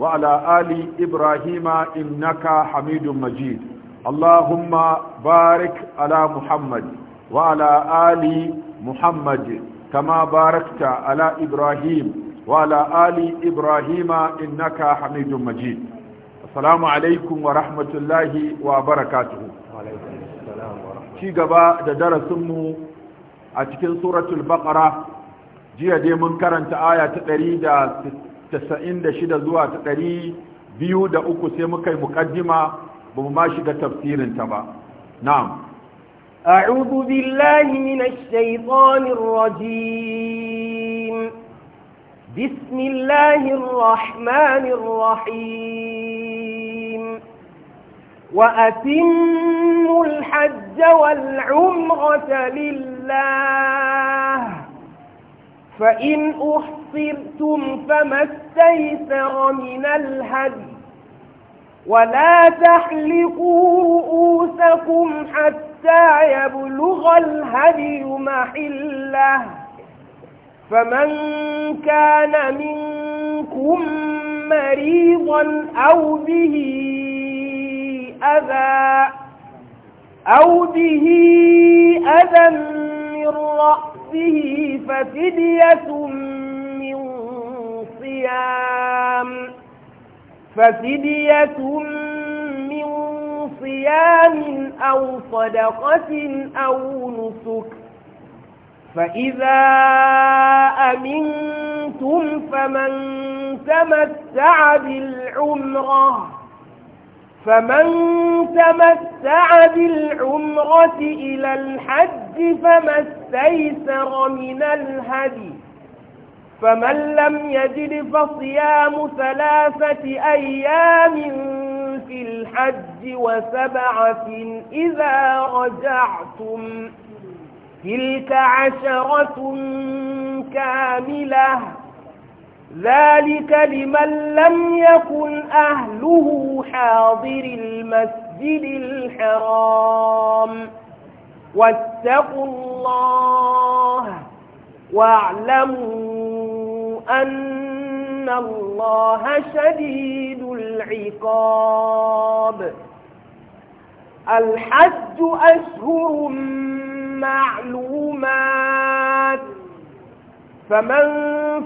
وعلى آل إبراهيم إنك حميد مجيد اللهم بارك على محمد وعلى آل محمد كما باركت على إبراهيم وعلى آل إبراهيم إنك حميد مجيد السلام عليكم ورحمة الله وبركاته وعليكم السلام ورحمة شي gaba da darasinmu a cikin suratul baqara jiya dai mun karanta aya ta shida zuwa ta ɗari biyu da uku sai muka yi muƙaddima ba mu ma shiga tafsirinta ba na'am أعوذ بالله من الشيطان الرجيم بسم الله الرحمن الرحيم وأتموا الحج والعمرة لله فإن أحصرتم فما استيسر من الهدي ولا تحلقوا رؤوسكم حتى يبلغ الهدي محله فمن كان منكم مريضا أو به أذى أو به أذى من رأسه نفسه ففدية من صيام ففدية من صيام أو صدقة أو نسك فإذا أمنتم فمن تمتع بالعمره فمن تمتع بالعمرة إلى الحج فما استيسر من الهدي فمن لم يجد فصيام ثلاثة أيام في الحج وسبعة إذا رجعتم تلك عشرة كاملة ذلك لمن لم يكن أهله حاضر المسجد الحرام واتقوا الله واعلموا أن الله شديد العقاب الحج أشهر معلومات فمن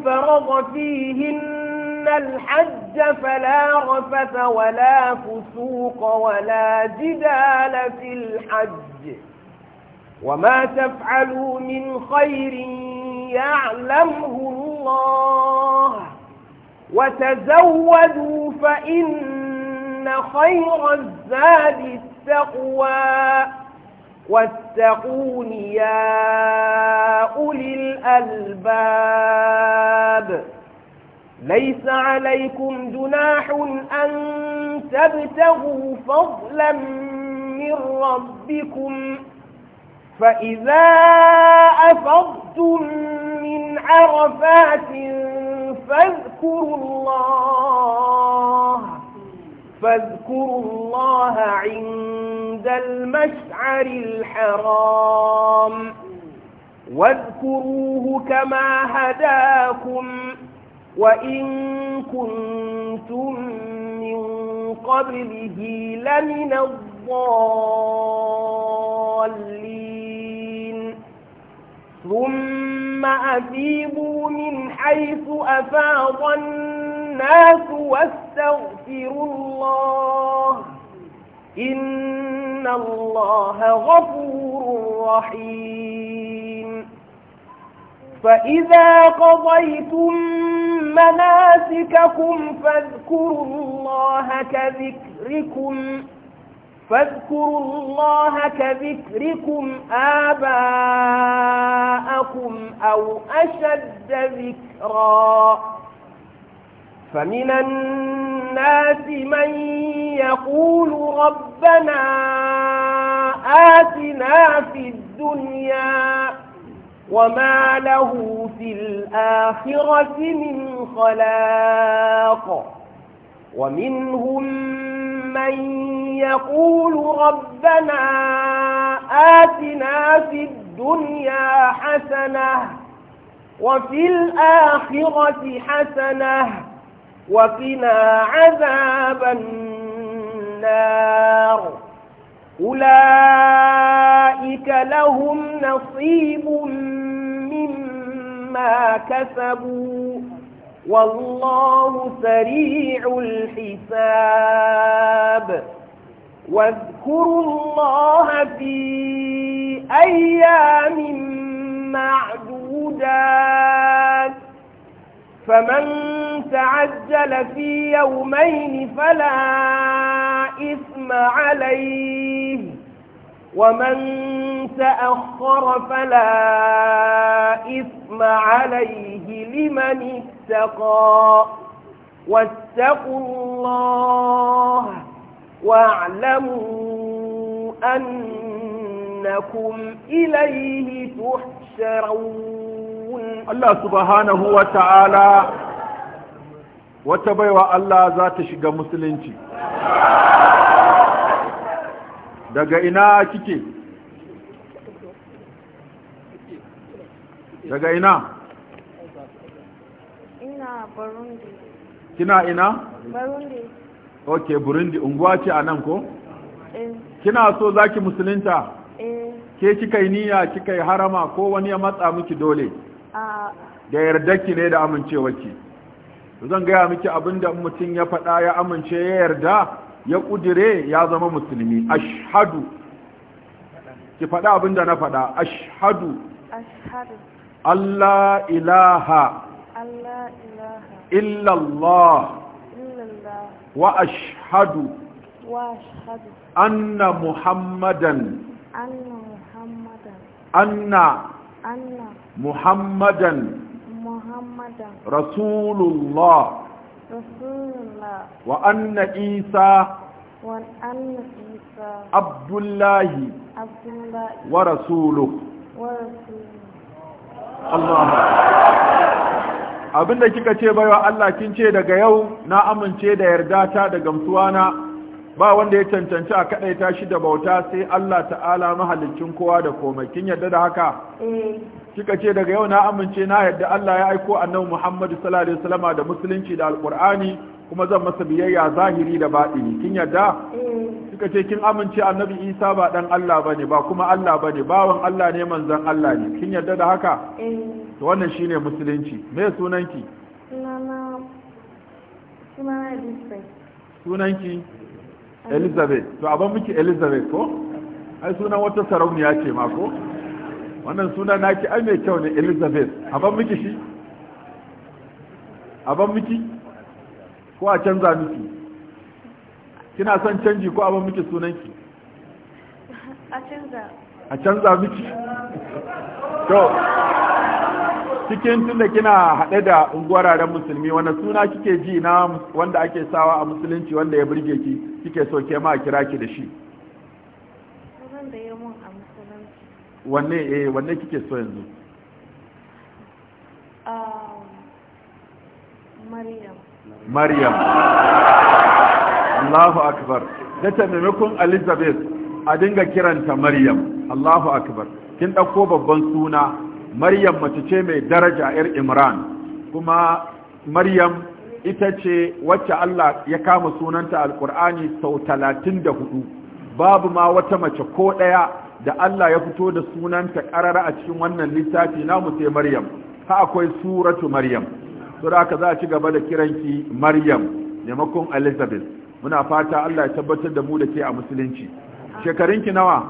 فرض فيهن الحج فلا رفث ولا فسوق ولا جدال في الحج وما تفعلوا من خير يعلمه الله وتزودوا فإن خير الزاد التقوى واتقون يا أولي الألباب ليس عليكم جناح أن تبتغوا فضلا من ربكم فإذا أفضتم من عرفات فاذكروا الله فاذكروا الله عند المشعر الحرام واذكروه كما هداكم وإن كنتم من قبله لمن الضالين ثم أذيبوا من حيث أفاض الناس الناس واستغفروا الله إن الله غفور رحيم فإذا قضيتم مناسككم فاذكروا الله كذكركم فاذكروا الله كذكركم آباءكم أو أشد ذكرًا فمن الناس من يقول ربنا آتنا في الدنيا وما له في الآخرة من خلاق ومنهم من يقول ربنا آتنا في الدنيا حسنة وفي الآخرة حسنة وقنا عذاب النار أولئك لهم نصيب مما كسبوا والله سريع الحساب واذكروا الله في أيام معدودات فمن تعجل في يومين فلا إثم عليه ومن تأخر فلا إثم عليه لمن اتقى واتقوا الله واعلموا أنكم إليه تحشرون Allah subhanahu wa ta'ala wata baiwa Allah za ta shiga musulunci daga ina kike daga ina ina burundi kina ina burundi ok burundi unguwa ce a nan ko eh. kina so zaki musulunta eh. ke kika yi niyya kika yi harama ko wani ya matsa miki dole da ki ne da ki. zan gaya miki abinda mutum ya faɗa ya amince ya yarda ya kudire, ya zama musulmi ashhadu ki faɗa abinda na faɗa ashhadu Allah ilaha illallah wa ashhadu anna muhammadan anna محمدا محمدا رسول الله رسول الله وأن عيسى وأن عيسى عبد الله عبد الله ورسوله ورسوله الله abinda kika ce baiwa Allah kin ce daga yau na amince da yarda ta da gamsuwa na ba wanda ya cancanci a kaɗaita shi da bauta sai Allah ta'ala mahallicin kowa da komai kin yadda da haka eh. kika ce daga yau na amince na yadda Allah ya aiko annabi Muhammadu sallallahu alaihi wasallama da musulunci da alqur'ani kuma zan masa biyayya zahiri da batini kin yadda eh. kika ce kin amince annabi Isa ba dan Allah bane ba kuma Allah bane bawan Allah ne manzon Allah ne kin yadda da haka eh. to wannan shine musulunci me sunanki sunanki elizabeth to abin miki elizabeth ko ai sunan wata sarauniya ce ma ko wannan suna naki ai mai kyau ne elizabeth abin miki shi abin miki ko a canza miki kina son canji ko abin miki sunanki a canza a canza miki to cikin da kina haɗe da unguwararen musulmi wanda suna kike ji na wanda ake sawa a musulunci wanda ya burge ki kike so ke ma kira ki da shi wanne eh wanne kike so yanzu ah, Maryam mariam Allahu akbar dace maimakon Elizabeth a dinga kiranta Maryam Allahu akbar kin ɗauko babban suna maryam mace ce mai daraja yar imran kuma maryam ita ce wacce Allah ya kama sunanta Alƙur'ani sau talatin da hudu babu ma wata mace ko ɗaya da Allah ya fito da sunanta ƙarara a cikin wannan littafi na sai maryam ha akwai suratu maryam to da za a ci gaba da kiranki maryam maimakon elizabeth muna fata Allah ya tabbatar da mu da ke a musulunci shekarunki nawa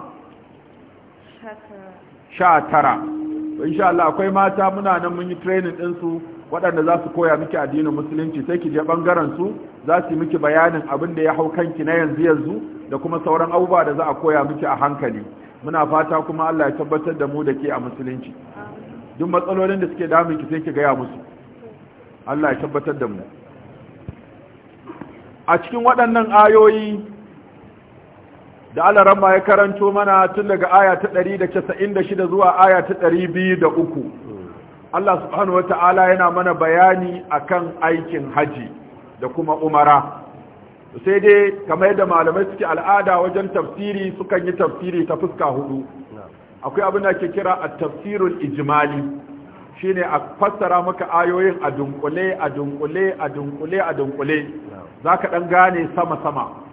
sha tara insha Allah akwai mata muna nan mun yi training din su waɗanda za su koya miki addinin musulunci sai ki je bangaren su za su yi miki bayanin abin da ya hau kanki na yanzu yanzu da kuma sauran abubuwa da za a koya miki a hankali muna fata kuma Allah ya tabbatar da mu da ke a musulunci duk matsalolin da suke damun ki sai ki gaya musu Allah ya tabbatar da mu a cikin waɗannan ayoyi da ma ya karanto mana tun daga aya ta 196 zuwa aya ta 203 Allah subhanahu wata'ala yana mana bayani akan aikin haji da kuma umara sai dai kamar yadda malamai suke al'ada wajen tafsiri sukan yi tafsiri ta fuska hudu akwai abin da ke kira a tafsirul ijimali shine a fassara maka ayoyin a dunkule a dunkule a dunkule a dunkule za ka ɗan gane sama-sama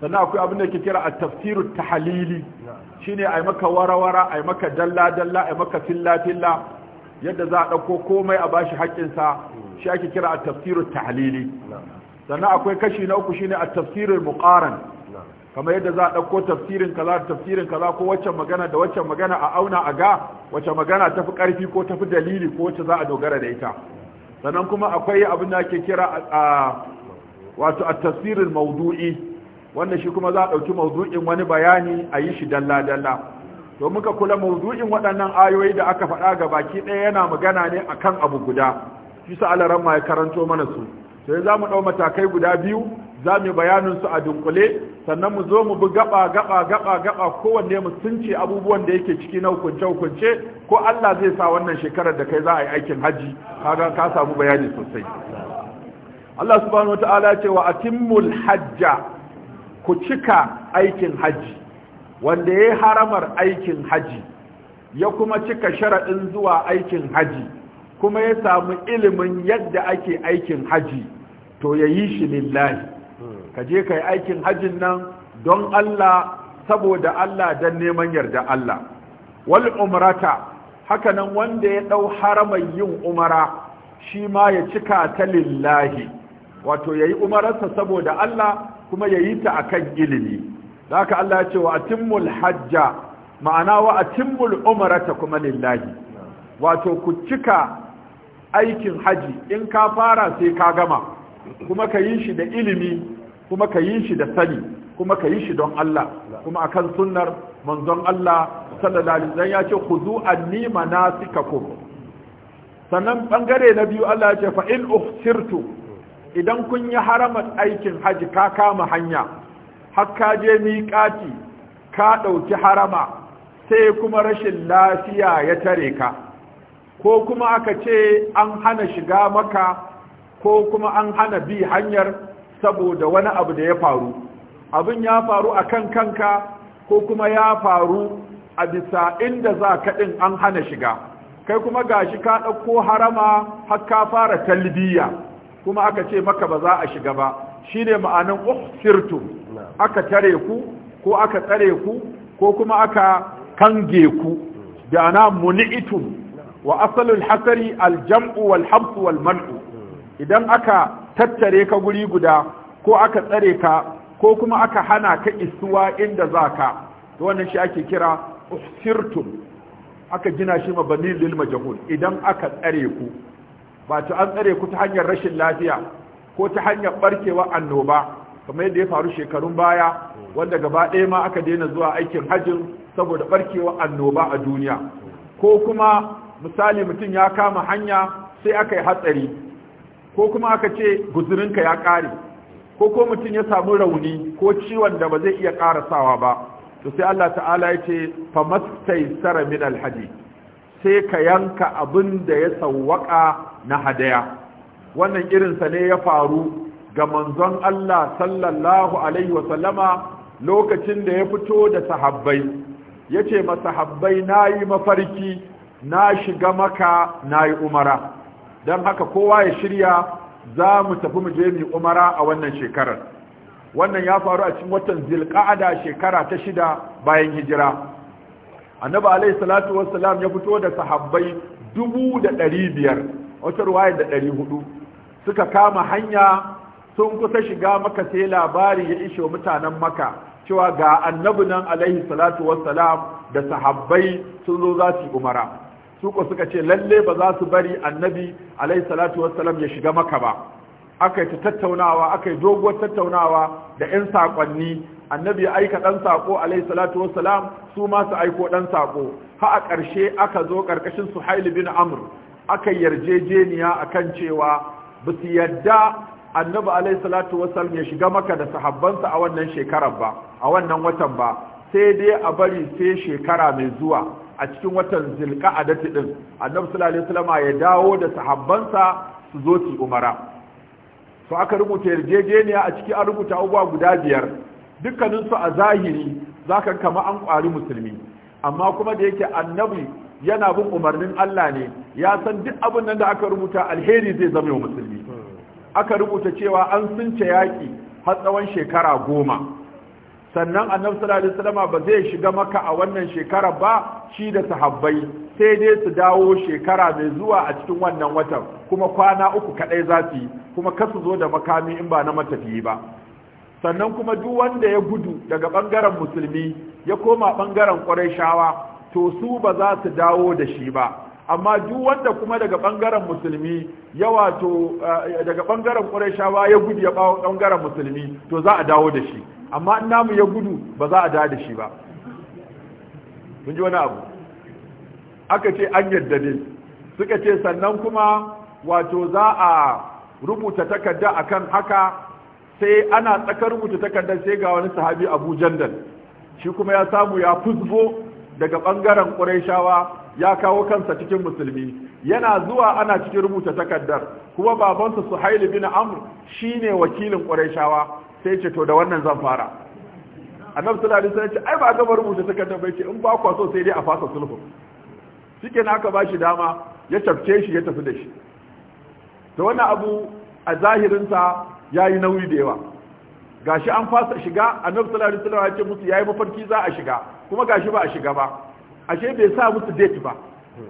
sannan akwai abin da ke kira a tafsiru ta halili shi ne a maka warawara a maka dalla-dalla a maka filla-filla yadda za a ɗauko komai a bashi haƙƙinsa shi ake kira a tafsiru ta halili sannan akwai kashi na uku shi ne a tafsirin mukaran kamar yadda za a ɗauko tafsirin kaza tafsirin kaza ko wacce magana da wacce magana a auna a ga wacce magana tafi ƙarfi ko tafi dalili ko wacce za a dogara da ita sannan kuma akwai abin da ake kira a wato a tafsirin maudu'i wannan shi kuma za a ɗauki mawdu'in wani bayani a yi shi dalla-dalla to muka kula mawdu'in waɗannan ayoyi da aka faɗa ga baki ɗaya yana magana ne a kan abu guda shi sa alaran ma ya karanto mana su sai za mu ɗau matakai guda biyu za mu bayanin su a dunkule sannan mu zo mu bi gaba gaba gaba gaba kowanne mu sunce abubuwan da yake ciki na hukunce hukunce ko Allah zai sa wannan shekarar da kai za a yi aikin haji kaga ka samu bayani sosai Allah subhanahu wataala ce wa atimmul hajja ku cika aikin haji wanda ya haramar aikin haji ya kuma cika sharaɗin zuwa aikin haji kuma ya samu ilimin yadda ake aikin haji to ya yi shi lillahi ka je ka yi aikin hajin nan don Allah saboda Allah don neman yarda Allah wal umrata hakanan wanda ya ɗau haramar yin umara shi ma ya cika ta lillahi wato ya yi umararsa saboda Allah kuma ya yi ta a kan ilimi da haka Allah ya ce wa hajja ma'ana wa umarata kuma lillahi wato ku cika aikin haji in ka fara sai ka gama kuma ka yi shi da ilimi kuma ka yi shi da sani kuma ka yi shi don Allah kuma akan sunnar manzon Allah sallallahu alaihi wasallam ya ce khudu anni manasikakum sannan bangare na biyu Allah ya ce fa in uhsirtu idan kun yi haramar aikin haji ka kama hanya har ka je miƙati ka ɗauki harama sai kuma rashin lafiya ya tare ka ko kuma aka ce an hana shiga maka ko kuma an hana bi hanyar saboda wani abu da ya faru abin ya faru a kan kanka ko kuma ya faru a bisa inda za ka ɗin an hana shiga kai kuma gashi ka ɗauko harama har ka fara talbiya kuma aka ce maka ba za a shiga ba shine ma'anin uhsirtum aka tare ku ko aka tsare ku ko kuma aka kange ku da ana muni'itum wa asalul hasari aljam'u wal habsu wal idan aka tattare ka guri guda ko aka tsare ka ko kuma aka hana ka isuwa inda za ka to wannan shi ake kira uhsirtum aka gina shi mabanin lil majhul idan aka tsare ku ba ta an tsare ku ta hanyar rashin lafiya ko ta hanyar barkewa annoba kamar yadda ya faru shekarun baya wanda gaba ɗaya ma aka daina zuwa aikin hajjin saboda barkewa annoba a duniya ko kuma misali mutum ya kama hanya sai aka yi hatsari ko kuma aka ce guzurinka ya ƙare ko ko mutum ya samu rauni ko ciwon da ba zai iya ƙarasawa ba to sai Allah ta'ala ya ce famastaisara min alhadith sai ka yanka abin da ya sauwaƙa na hadaya wannan irinsa ne ya faru ga manzon Allah sallallahu alaihi wasallama lokacin da ya fito da sahabbai ya ce masahabbai na yi mafarki na shiga maka na yi umara don haka kowa ya shirya za mu tafi mu je mu umara a wannan shekarar wannan ya faru a cikin watan zilƙa'ada shekara ta shida bayan hijira annabi alayhi salatu wassalam ya fito da sahabbai dubu da ɗari biyar wata ruwaya da ɗari hudu suka kama hanya sun kusa shiga maka sai labari ya ishe mutanen maka cewa ga annabi nan alayhi salatu wassalam da sahabbai sun zo za su umara su ko suka ce lalle ba za su bari annabi alayhi salatu wassalam ya shiga maka ba aka yi tattaunawa aka yi doguwar tattaunawa da 'yan saƙonni annabi ya aika ɗan sako alayhi salatu wassalam su ma su aiko ɗan sako ha a ƙarshe aka zo ƙarƙashin suhail bin amr aka yarjejeniya akan cewa ba su yadda annabi alayhi salatu wassalam ya shiga maka da sahabbansa a wannan shekarar ba a wannan watan ba sai dai a bari sai shekara mai zuwa a cikin watan dati din annabi sallallahu alaihi wasallam ya dawo da sahabbansa su zo su umara to aka rubuta yarjejeniya a ciki an rubuta abubuwa guda biyar dukkaninsu a zahiri za ka kama an ƙwari musulmi amma kuma da yake annabi yana bin umarnin Allah ne ya san duk abin nan da aka rubuta alheri zai zama wa musulmi aka rubuta cewa an sunce yaƙi har tsawon shekara goma sannan annabi sallallahu alaihi wasallam ba zai shiga maka a wannan shekara ba shi da sahabbai sai dai su dawo shekara mai zuwa a cikin wannan watan kuma kwana uku kadai za su yi kuma kasu zo da makami in ba na matafiyi ba sannan kuma duk wanda ya gudu daga ɓangaren musulmi ya koma ɓangaren ƙwarai to su ba za su dawo da shi ba amma duk wanda kuma daga bangaren musulmi ya wato eh, daga bangaren shawa ya gudu ya bawo bangaren musulmi to za a dawo da shi amma in namu ya gudu ba za a dawo da shi ba kun ji wani abu aka ce an yadda ne suka ce sannan kuma wato za a rubuta takarda akan haka sai ana tsakar rubuta takardar sai ga wani sahabi abu jandal shi kuma ya samu ya fusbo daga bangaren ƙurayshawa ya kawo kansa cikin musulmi yana zuwa ana cikin rubuta takardar kuma babansa suhail bin amr ne wakilin ƙurayshawa sai ce to da wannan zan fara annabi sallallahu alaihi wasallam ce ai ba gaba rubuta takardar bai ce in ba kwa so sai dai a fasa sulhu shikenan aka bashi dama ya tafce shi ya tafi da shi to wannan abu a zahirinsa Ya yi nauyi da yawa gashi an fasa shiga annabi sallallahu alaihi wasallam ya ce musu yayi mafarki za a shiga kuma gashi ba a shiga ba ashe bai sa musu date ba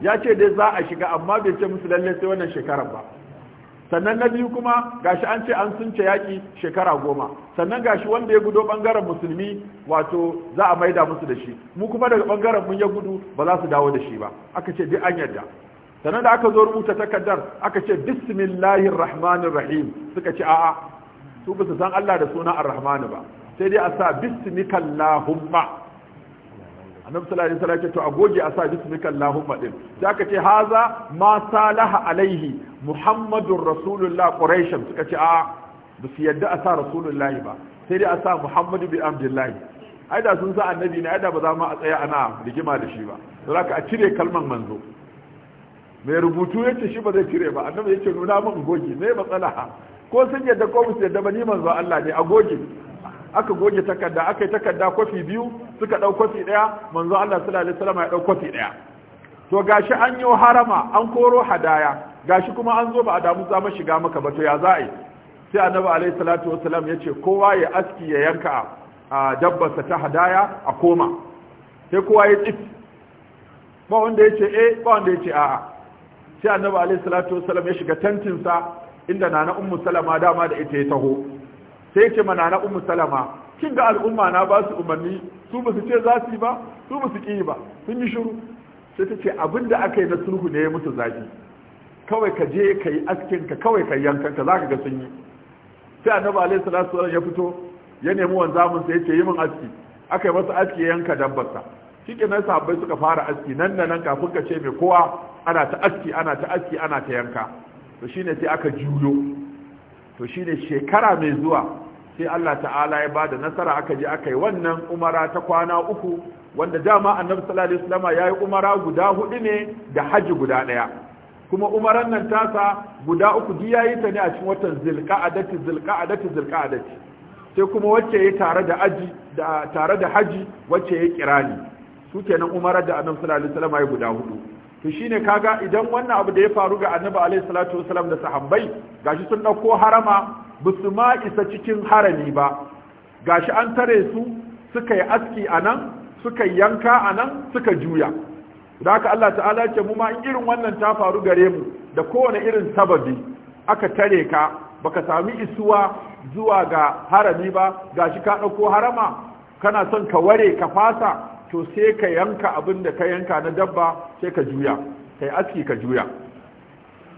ya ce dai za a shiga amma bai ce musu lalle sai wannan shekarar ba sannan na biyu kuma gashi an ce an sunce yaki shekara goma sannan gashi wanda ya gudo bangaren musulmi wato za a maida musu da shi mu kuma daga bangaren mun ya gudu ba za su dawo da shi ba aka ce dai an yarda sannan da aka zo rubuta takardar aka ce bismillahir rahmanir rahim suka ce a'a su ba su san Allah da suna ar-rahman ba sai dai a sa bismikallahumma annabi sallallahu alaihi wasallam ya ce to a goge a sa bismikallahumma din sai aka ce haza ma salaha alaihi muhammadur rasulullah quraish suka ce a'a ba su yadda a sa rasulullahi ba sai dai a sa muhammadu bi abdullahi ai da sun sa annabi ne ai da ba za mu a tsaya ana rigima da shi ba saboda a cire kalman manzo mai rubutu ya ce shi ba zai cire ba annabi ya ce nuna min goge mai matsala ko sun yadda ko musu yadda ba ni manzo Allah ne a goge aka goge takarda aka yi takarda kwafi biyu suka dau kwafi daya manzo Allah sallallahu alaihi wasallam ya dau kwafi daya to gashi an yi harama an koro hadaya gashi kuma an zo ba a damu za mu shiga maka ba to ya za'i sai annabi alaihi salatu wasallam ya ce kowa ya aski ya yanka a dabbarsa ta hadaya a koma sai kowa ya tsif ba wanda ya ce eh ba wanda ya ce a'a sai annabi alaihi salatu wasallam ya shiga tantinsa inda nana ummu salama dama da ita ya taho sai ya ce ma nana ummu salama kin ga al'umma na ba su umarni su ba su ce za su yi ba su ba su ki ba sun yi shiru sai ta ce abin da aka yi na sulhu ne ya musu zafi kawai ka je ka yi askin ka kawai ka yankan ka zaka ga sun yi sai annabi alaihi salatu wasallam ya fito ya nemi wanzamin ya yace yi min aski aka yi masa aski ya yanka dabbarsa nan sahabbai suka fara aski nan da nan kafin ka ce mai kowa ana ta aski ana ta aski ana ta yanka to shine sai aka juyo to shine shekara mai zuwa sai Allah ta'ala ya bada nasara aka je aka yi wannan umara ta kwana uku wanda dama annabi sallallahu alaihi wasallam yayi umara guda hudu ne da haji guda daya kuma umaran nan tasa guda uku duk yayi ta ne a cikin watan zilqa'adati zilqa'adati zilqa'adati sai kuma wacce yayi tare da aji da tare da haji wacce yayi kirani su kenan umara da annabi sallallahu alaihi wasallam yayi guda hudu to shine kaga idan wannan abu da ya faru ga annabi alayhi salatu wasalam da sahabbai gashi sun dauko harama basu ma isa cikin harami ba gashi an tare su suka yi aski anan suka yanka anan suka juya da haka Allah ta'ala ce mu ma irin wannan ta faru gare mu da kowane irin sababi aka tare ka baka sami isuwa zuwa ga harami ba gashi ka dauko harama kana son ka ware ka fasa to sai ka yanka abin da ka yanka na dabba sai ka juya kai aski ka juya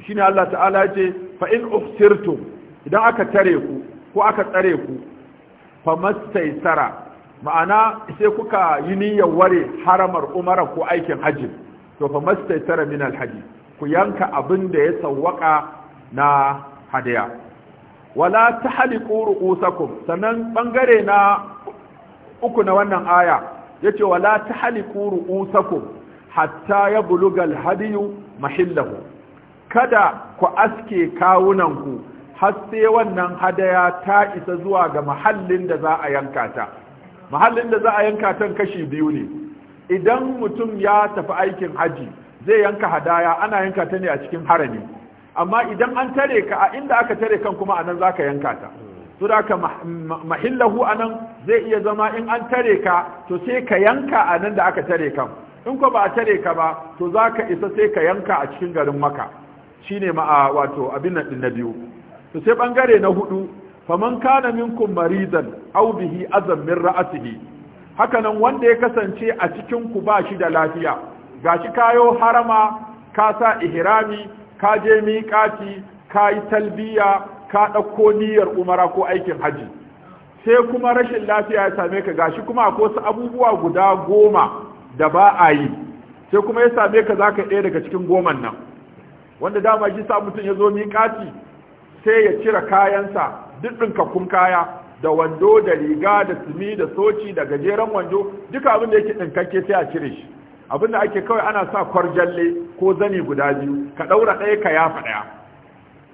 shine Allah ta'ala ce fa in ufsirtum idan aka tare ku ko aka tsare ku fa mastaisara ma'ana sai kuka yi niyyar ware haramar umara ko aikin hajji to fa mastaisara min alhaji ku yanka abin da ya sawwaka na hadiya wala tahliqu ru'usakum sanan bangare na uku na wannan aya yace wala tahliqu ru'usakum hatta ya bulugal hadiyu mahillahu kada ku aske kawunanku har sai wannan hadaya ta isa zuwa ga mahallin da za a yanka ta mahallin da za a yanka ta kashi biyu ne idan mutum ya tafi aikin haji zai yanka hadaya ana yanka ta ne a cikin harami amma idan an tare ka a inda aka tare kan kuma anan zaka yanka ta suraka mahillahu anan zai iya zama in an tare ka to sai ka yanka anan da aka tare kan in ko ba a tare ka ba to za ka isa sai ka yanka a cikin garin maka shine ma wato abin nan din na biyu to sai bangare na hudu faman kana minkum maridan aw bihi azam min ra'atihi haka nan wanda ya kasance a cikin ku ba shi da lafiya gashi kayo harama ka sa ihrami ka je miƙati ka yi talbiya ka ɗauko niyyar umara ko aikin haji sai kuma rashin lafiya ya same ka gashi kuma akwai wasu abubuwa guda goma da ba a yi sai kuma ya same ka zaka ɗaya daga cikin goman nan wanda dama shi sa mutum ya zo miƙati sai ya cire kayansa duk ɗinkakkun kaya da wando da riga da sumi da soci da gajeren wando duka abin da yake ɗinkakke sai a cire shi abin da ake kawai ana sa kwarjalle ko zani guda biyu ka ɗaura ɗaya ka yafa ɗaya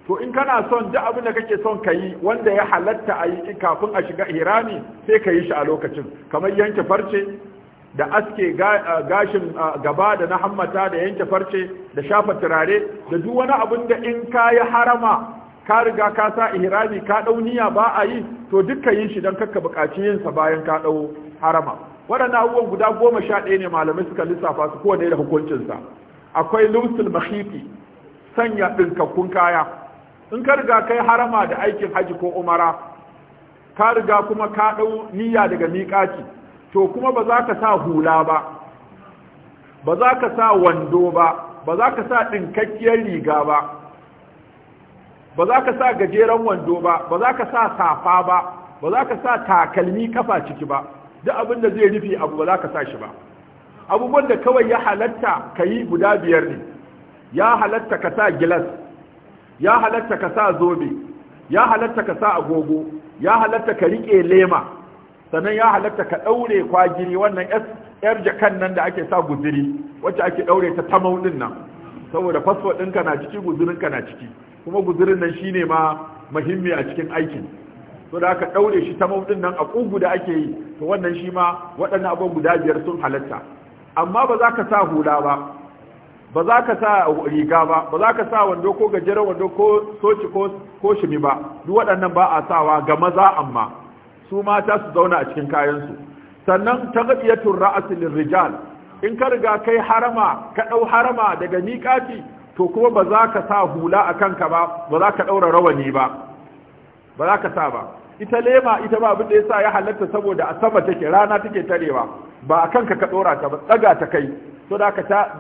to in kana son duk abin da kake son ka yi wanda ya halatta a yi kafin a shiga hirami sai ka yi shi a lokacin kamar yanke farce da aske gashin gaba da na hammata da yanke farce da shafa turare da duk wani abin da in ka yi harama ka riga ka sa ihrami ka niyya ba a yi to duka yin shi don kakka bukaci yin sa bayan ka dau harama waɗannan abubuwan guda goma sha ɗaya ne malamai suka lissafa su kowane da hukuncinsa akwai lumsul mahifi sanya ɗinkakkun kaya in ka riga kai harama da aikin haji ko umara ka riga kuma ka ɗau niyya daga miƙaci to kuma ba za ka sa hula ba ba za ka sa wando ba ba za ka sa ɗinkakkiyar riga ba ba za ka sa gajeren wando ba ba za ka sa safa ba ba za ka sa takalmi kafa ciki ba duk abin da zai rufe abu ba za ka sa shi ba abubuwan da kawai ya halatta ka yi guda biyar ne ya halatta ka sa gilas ya halatta ka sa zobe ya halatta ka sa agogo ya halatta ka rike lema sannan ya halatta ka daure kwagiri wannan yar jakan nan da ake sa guziri wacce ake daure ta tamau din nan saboda passport ɗinka na ciki guzirin ka na ciki kuma guzirin nan shine ma muhimmi a cikin aikin to da aka daure shi tamau din nan a kugu da ake yi to wannan shi ma waɗannan abubuwa guda biyar sun halatta amma ba za ka sa hula ba ba za ka sa riga ba ba za ka sa wando ko gajeren wando ko soci ko shimi ba duk waɗannan ba a sawa ga maza amma su mata su zauna a cikin kayansu sannan ta taghiyatur ra'as rijal in ka riga kai harama ka ɗau harama daga miƙati to kuma ba za ka sa hula a kanka ba ba za ka ɗaura rawani ba ba za ka sa ba ita lema ita ba abin da yasa ya halatta saboda a sama take rana take tarewa ba a kanka ka ɗora ta ba tsaga ta kai to da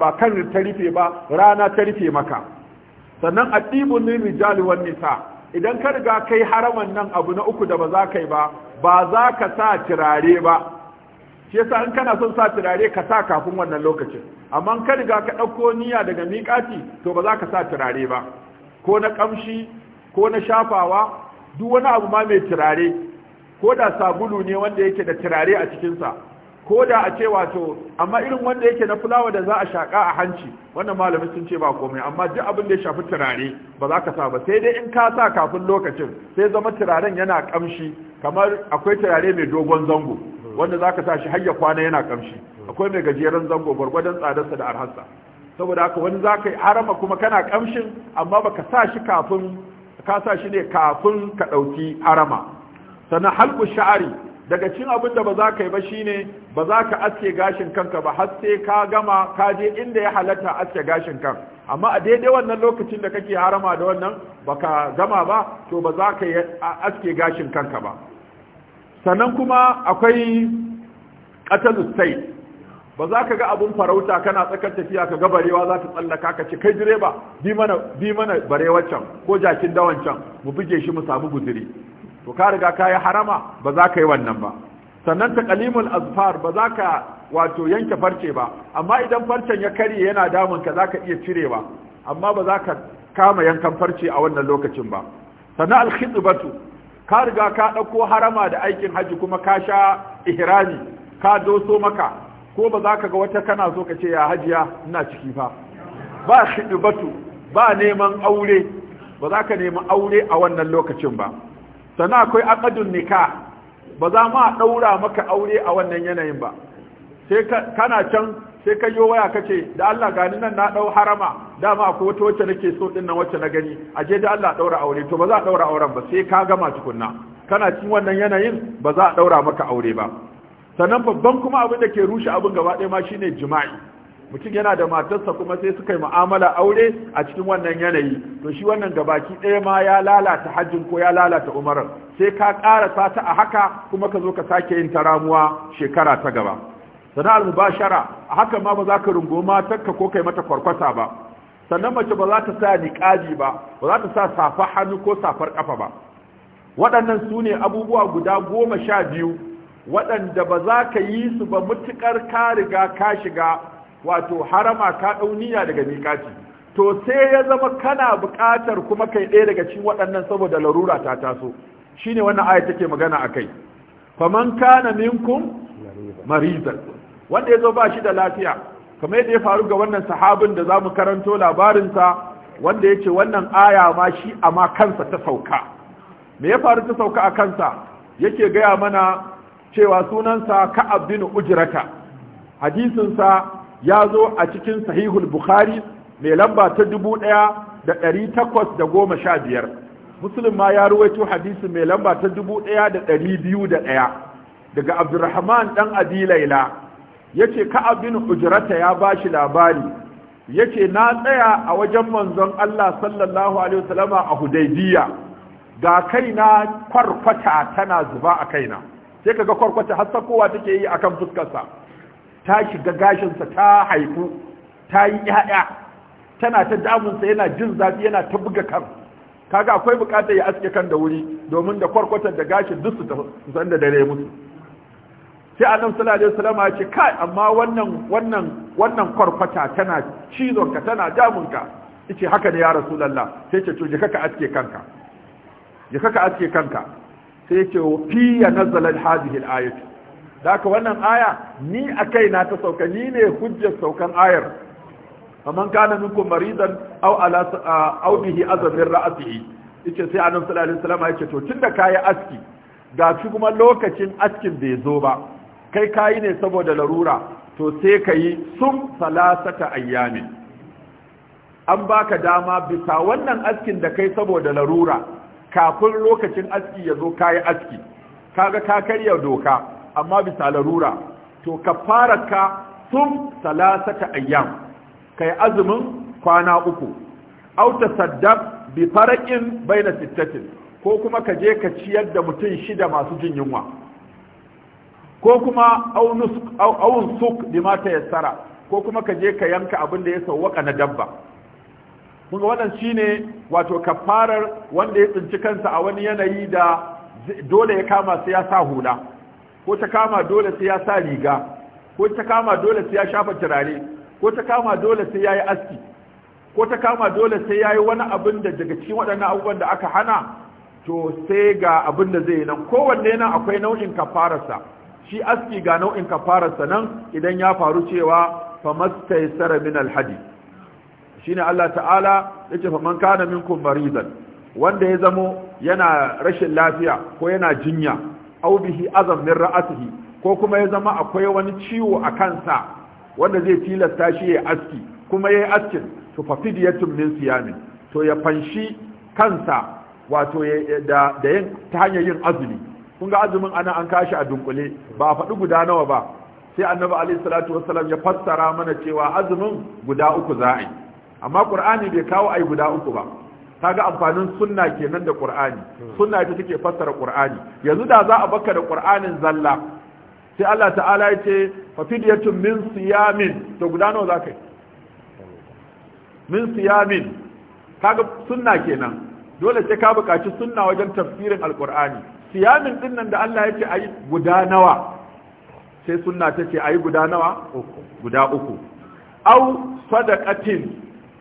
ba kan ta rufe ba rana ta rufe maka sannan addibun ni rijali wan nisa idan ka riga kai haraman nan abu na uku da ba za ka ba ba za ka sa turare ba shi yasa in kana son sa turare ka sa kafin wannan lokacin amma ka riga ka ɗauko niyya daga miƙati to ba za ka sa turare ba ko na ƙamshi ko na shafawa duk wani abu ma mai turare ko da sabulu ne wanda yake da turare a cikinsa ko da a ce wato amma irin wanda yake na fulawa da za a shaka a hanci wannan malamin sun ce ba komai amma duk abin da ya shafi turare ba za ka sa ba sai dai in ka sa kafin lokacin sai zama turaren yana kamshi kamar akwai turare mai dogon zango wanda za ka sa shi hayya kwana yana kamshi akwai mai gajeren zango gwargwadon tsadarsa da arhassa saboda haka wani za ka yi harama kuma kana kamshin amma baka sa shi kafin ka sa shi ne kafin ka ɗauki harama sannan halku sha'ari daga cin abin da ba za ka yi ba shine ba za ka aske gashin kanka ba har sai ka gama ka je inda ya halatta aske gashin kan amma a daidai wannan lokacin da kake harama da wannan baka gama ba to ba za ka aske gashin kanka ba sannan kuma akwai qatalus ba za ka ga abun farauta kana tsakar tafiya ka ga barewa za ta tsallaka ka ce kai direba bi mana bi mana barewar can ko jakin dawan can mu buge shi mu samu guzuri to ka riga ka yi harama ba za ka yi wannan ba sannan taqalimul azfar ba za ka wato yanke farce ba amma idan farcen ya karye yana damun ka za ka iya cirewa amma ba za ka kama yankan farce a wannan lokacin ba sannan alkhidbatu ka riga ka ɗauko harama da aikin haji kuma ka sha ihrami ka doso maka ko ba za ka ga wata kana so ka ce ya hajiya ina ciki fa ba khidbatu ba neman aure ba za ka nemi aure a wannan lokacin ba sannan akwai akadun nikah ba za ma daura maka aure a wannan yanayin ba sai kana can sai ka yi waya kace da Allah gani nan na dau harama dama akwai wata wacce nake so din nan wacce na gani aje da Allah daura aure to ba za a daura auren ba sai ka gama tukunna kana cin wannan yanayin ba za daura maka aure ba sannan babban kuma abin da ke rushe abin gaba ɗaya ma shine jima'i mutum yana da matarsa kuma sai suka yi mu'amala aure a cikin wannan yanayi to shi wannan gabaki ɗaya ma ya lalata hajjin ko ya lalata umarar sai ka ƙara sata a haka kuma ka zo ka sake yin taramuwa shekara ta gaba sana'ar mubashara a haka ma ba za ka rungumi matarka ko kai mata kwarkwasa ba sannan mace ba za ta sa niƙaji ba ba za ta sa safar hannu ko safar ƙafa ba waɗannan su ne abubuwa guda goma sha biyu waɗanda ba za ka yi su ba mutuƙar ka riga ka shiga wato harama ka dauniya daga miƙati to sai ya zama kana buƙatar kuma kai ɗaya daga cikin waɗannan saboda larura ta taso shine wannan aya take magana akai faman kana minkum maridan wanda ya zo ba shi da lafiya kamar yadda ya faru ga wannan sahabin da zamu karanto labarin sa wanda yace wannan aya ma shi amma kansa ta sauka me ya faru ta sauka a kansa yake gaya mana cewa sunansa ka'ab bin ujrata sa ya zo a cikin sahihul bukhari mai lamba ta dubu ɗaya da ɗari takwas da goma sha biyar muslim ma ya ruwaito hadisi mai lamba ta dubu ɗaya da ɗari biyu da ɗaya daga abdurrahman ɗan abi laila ya ce ka'ab bin ujrata ya ba shi labari ya ce na tsaya a wajen manzon allah sallallahu alaihi wasallama a hudaybiya ga kai na kwarkwata tana zuba a kaina sai kaga kwarkwata har kowa take yi akan fuskarsa ta shiga gashinsa ta haifu ta yi yaya tana ta damunsa yana jin zafi yana ta buga kan kaga akwai bukatar ya aske kan da wuri domin da kwarkwatar da gashin duk su san da dare musu sai annab sallallahu alaihi wasallam ya ce kai amma wannan wannan wannan kwarkwata tana cizon ka tana damun ka yace haka ne ya rasulullah sai ce to kaka aske kanka je aske kanka sai ce fi ya nazala hadhihi al da haka wannan aya ni a kai na ta sauka ni ne hujjar saukan ayar amma kana minkum maridan aw ala aw bihi azab ra'sihi yace sai annabi sallallahu alaihi wasallam yace to tunda kai aski ga shi kuma lokacin askin bai zo ba kai kayi ne saboda larura to sai kayi sum salasata ayyamin an baka dama bisa wannan askin da kai saboda larura kafin lokacin aski ya zo kayi aski kaga ka karya doka amma bisa larura to ka sun salasata ayyam kai azumin kwana uku au tasaddaq bi farqin baina sittatin ko kuma ka je ka ciyar da mutum shida masu jin yunwa ko kuma awun suk lima ta yassara ko kuma ka je ka yanka abin da ya sauwaka na dabba kun ga wannan shine wato kafarar wanda ya tsinci kansa a wani yanayi da dole ya kama sai ya sa hula ko ta kama dole sai ya sa riga ko ta kama dole sai ya shafa turare ko ta kama dole sai ya yi aski ko ta kama dole sai ya yi wani abin da daga cikin waɗannan abubuwan da aka hana to sai ga abin da zai yi nan kowanne nan akwai nau'in kafararsa shi aski ga nau'in kafararsa nan idan ya faru cewa fa mastaysara min alhadi shine Allah ta'ala yace man kana minkum maridan wanda ya zamo yana rashin lafiya ko yana jinya aw bihi azam min ra'atihi ko kuma ya zama akwai wani ciwo a kansa wanda zai tilasta shi ya aski kuma yayi askin to fa min siyamin to ya fanshi kansa wato da da yin ta hanyar yin azumi kun ga azumin ana an kashi a dunkule ba a faɗi guda nawa ba sai annabi alaihi salatu wassalam ya fassara mana cewa azumin guda uku za'i amma qur'ani bai kawo ai guda uku ba kaga amfanin sunna kenan da qur'ani sunna ita take fassara qur'ani yanzu da za a baka da qur'anin zalla sai Allah ta'ala ya ce fa fidyatun min siyamin to guda nawa zaka yi min siyamin kaga sunna kenan dole sai ka bukaci sunna wajen tafsirin alqur'ani siyamin din nan da Allah ya ce ayi guda nawa sai sunna ta ce ayi guda nawa guda uku au sadaqatin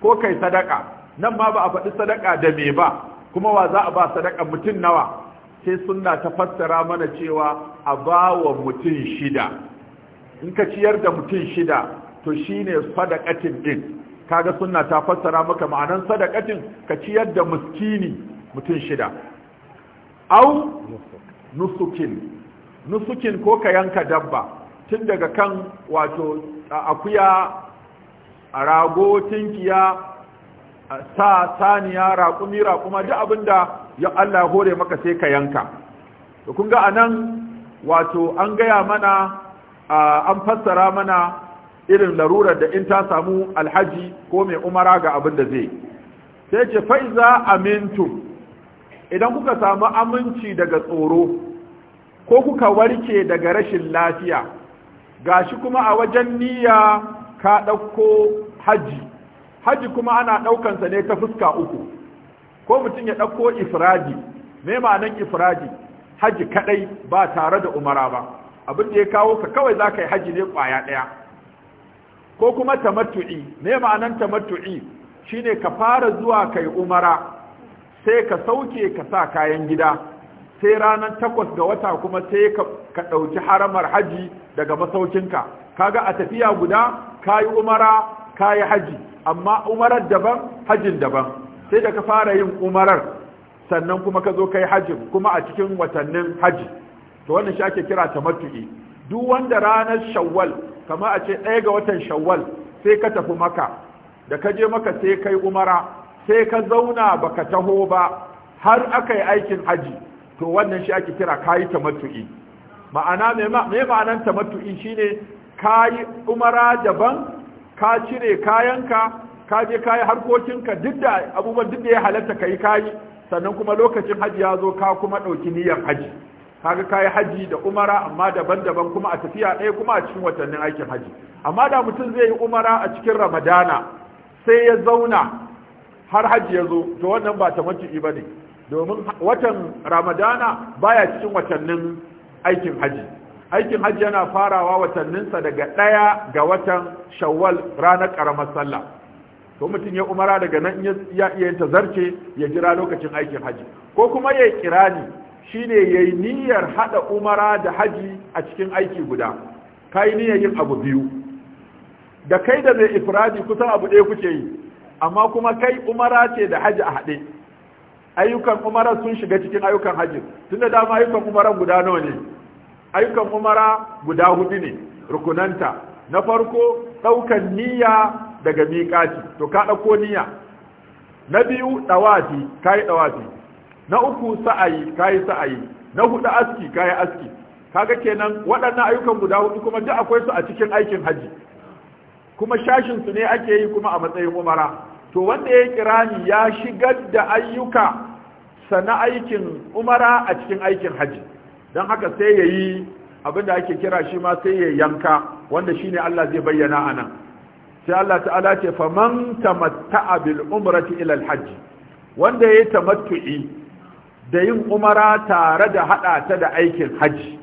ko kai sadaka nan ma ba a faɗi sadaka da me ba kuma wa za a ba sadaka mutum nawa sai sunna ta fassara mana cewa a ba wa mutum shida in ka ciyar da mutum shida to shine sadakatin din kaga sunna ta fassara maka ma'anan sadakatin ka ciyar da muskini mutum shida au nusukin nusukin ko ka yanka dabba tun daga kan wato akuya rago tinkiya sa saniya raƙumi raƙuma duk abin da ya Allah hore maka sai ka yanka to kun ga anan wato an gaya mana an fassara mana irin larurar da in ta samu alhaji ko mai umara ga abin da zai sai ce fa'iza Amintu, idan kuka samu aminci daga tsoro ko kuka warke daga rashin lafiya gashi kuma a wajen niyya ka ɗauko haji haji kuma ana ɗaukansa ne ta fuska uku ko mutum ya ɗauko ifradi me ma'anan ifradi haji kaɗai ba tare da umara ba abin da ya kawo ka kawai za ka yi haji ne kwaya ɗaya ko kuma tamattu'i me ma'anan tamattu'i shine ka fara zuwa kai umara sai ka sauke ka sa kayan gida sai ranar takwas ga wata kuma sai ka ɗauki haramar haji daga masaukinka kaga a tafiya guda ka yi umara Kayi yi haji amma umarar daban hajin daban sai da ka fara yin umarar sannan kuma ka zo ka yi hajin kuma a cikin watannin haji to wannan shi ake kira tamattu'i duk wanda ranar shawwal kamar a ce ɗaya ga watan shawwal sai ka tafi maka da ka je maka sai kai umara sai ka zauna baka taho ba har aka yi aikin haji to wannan shi ake kira kayi tamattu'i ma'ana mai ma'anan tamattu'i shine kayi umara daban ka cire kayanka ka je ka yi harkokinka duk da abubuwan duk da ya halatta ka yi kayi sannan kuma lokacin hajji ya zo ka kuma ɗauki niyyar hajji kaga kayi haji da umara amma daban-daban kuma a tafiya ɗaya kuma a cikin watannin aikin haji amma da mutum zai yi umara a cikin ramadana sai ya zauna har haji ya zo to wannan ba ta tamattu'i ba ne domin watan ramadana baya cikin watannin aikin haji aikin hajji yana farawa watanninsa daga ɗaya ga watan shawwal ranar ƙaramar sallah to mutum ya umara daga nan ya iya yin tazarce ya jira lokacin aikin hajji ko kuma ya yi kirani shine ya niyyar haɗa umara da hajji a cikin aiki guda ka yi niyyar yin abu biyu da kai da mai ifradi kusan abu ɗaya kuke yi amma kuma kai umara ce da haji a haɗe ayyukan umara sun shiga cikin ayyukan haji tunda dama ayyukan umarar guda nawa ne ayyukan umara guda hudu ne rukunanta na farko ɗaukan niyya daga miƙaci to ka ɗauko niyya na biyu ɗawafi ka yi ɗawafi na uku sa'ayi ka sa'ayi na hudu aski ka aski kaga kenan waɗannan ayyukan guda hudu kuma duk akwai su a cikin aikin hajji kuma shashin su ne ake yi kuma a matsayin umara to wanda ya kirani ya shigar da ayyuka sana aikin umara a cikin aikin hajji don haka sai ya yi abin da ake kira shi ma sai ya yanka wanda shine Allah zai bayyana a nan sai Allah ta'ala ce faman tamatta bil umrati ila al-hajj wanda yayi tamattu'i da yin umara tare da haɗa ta da aikin hajji.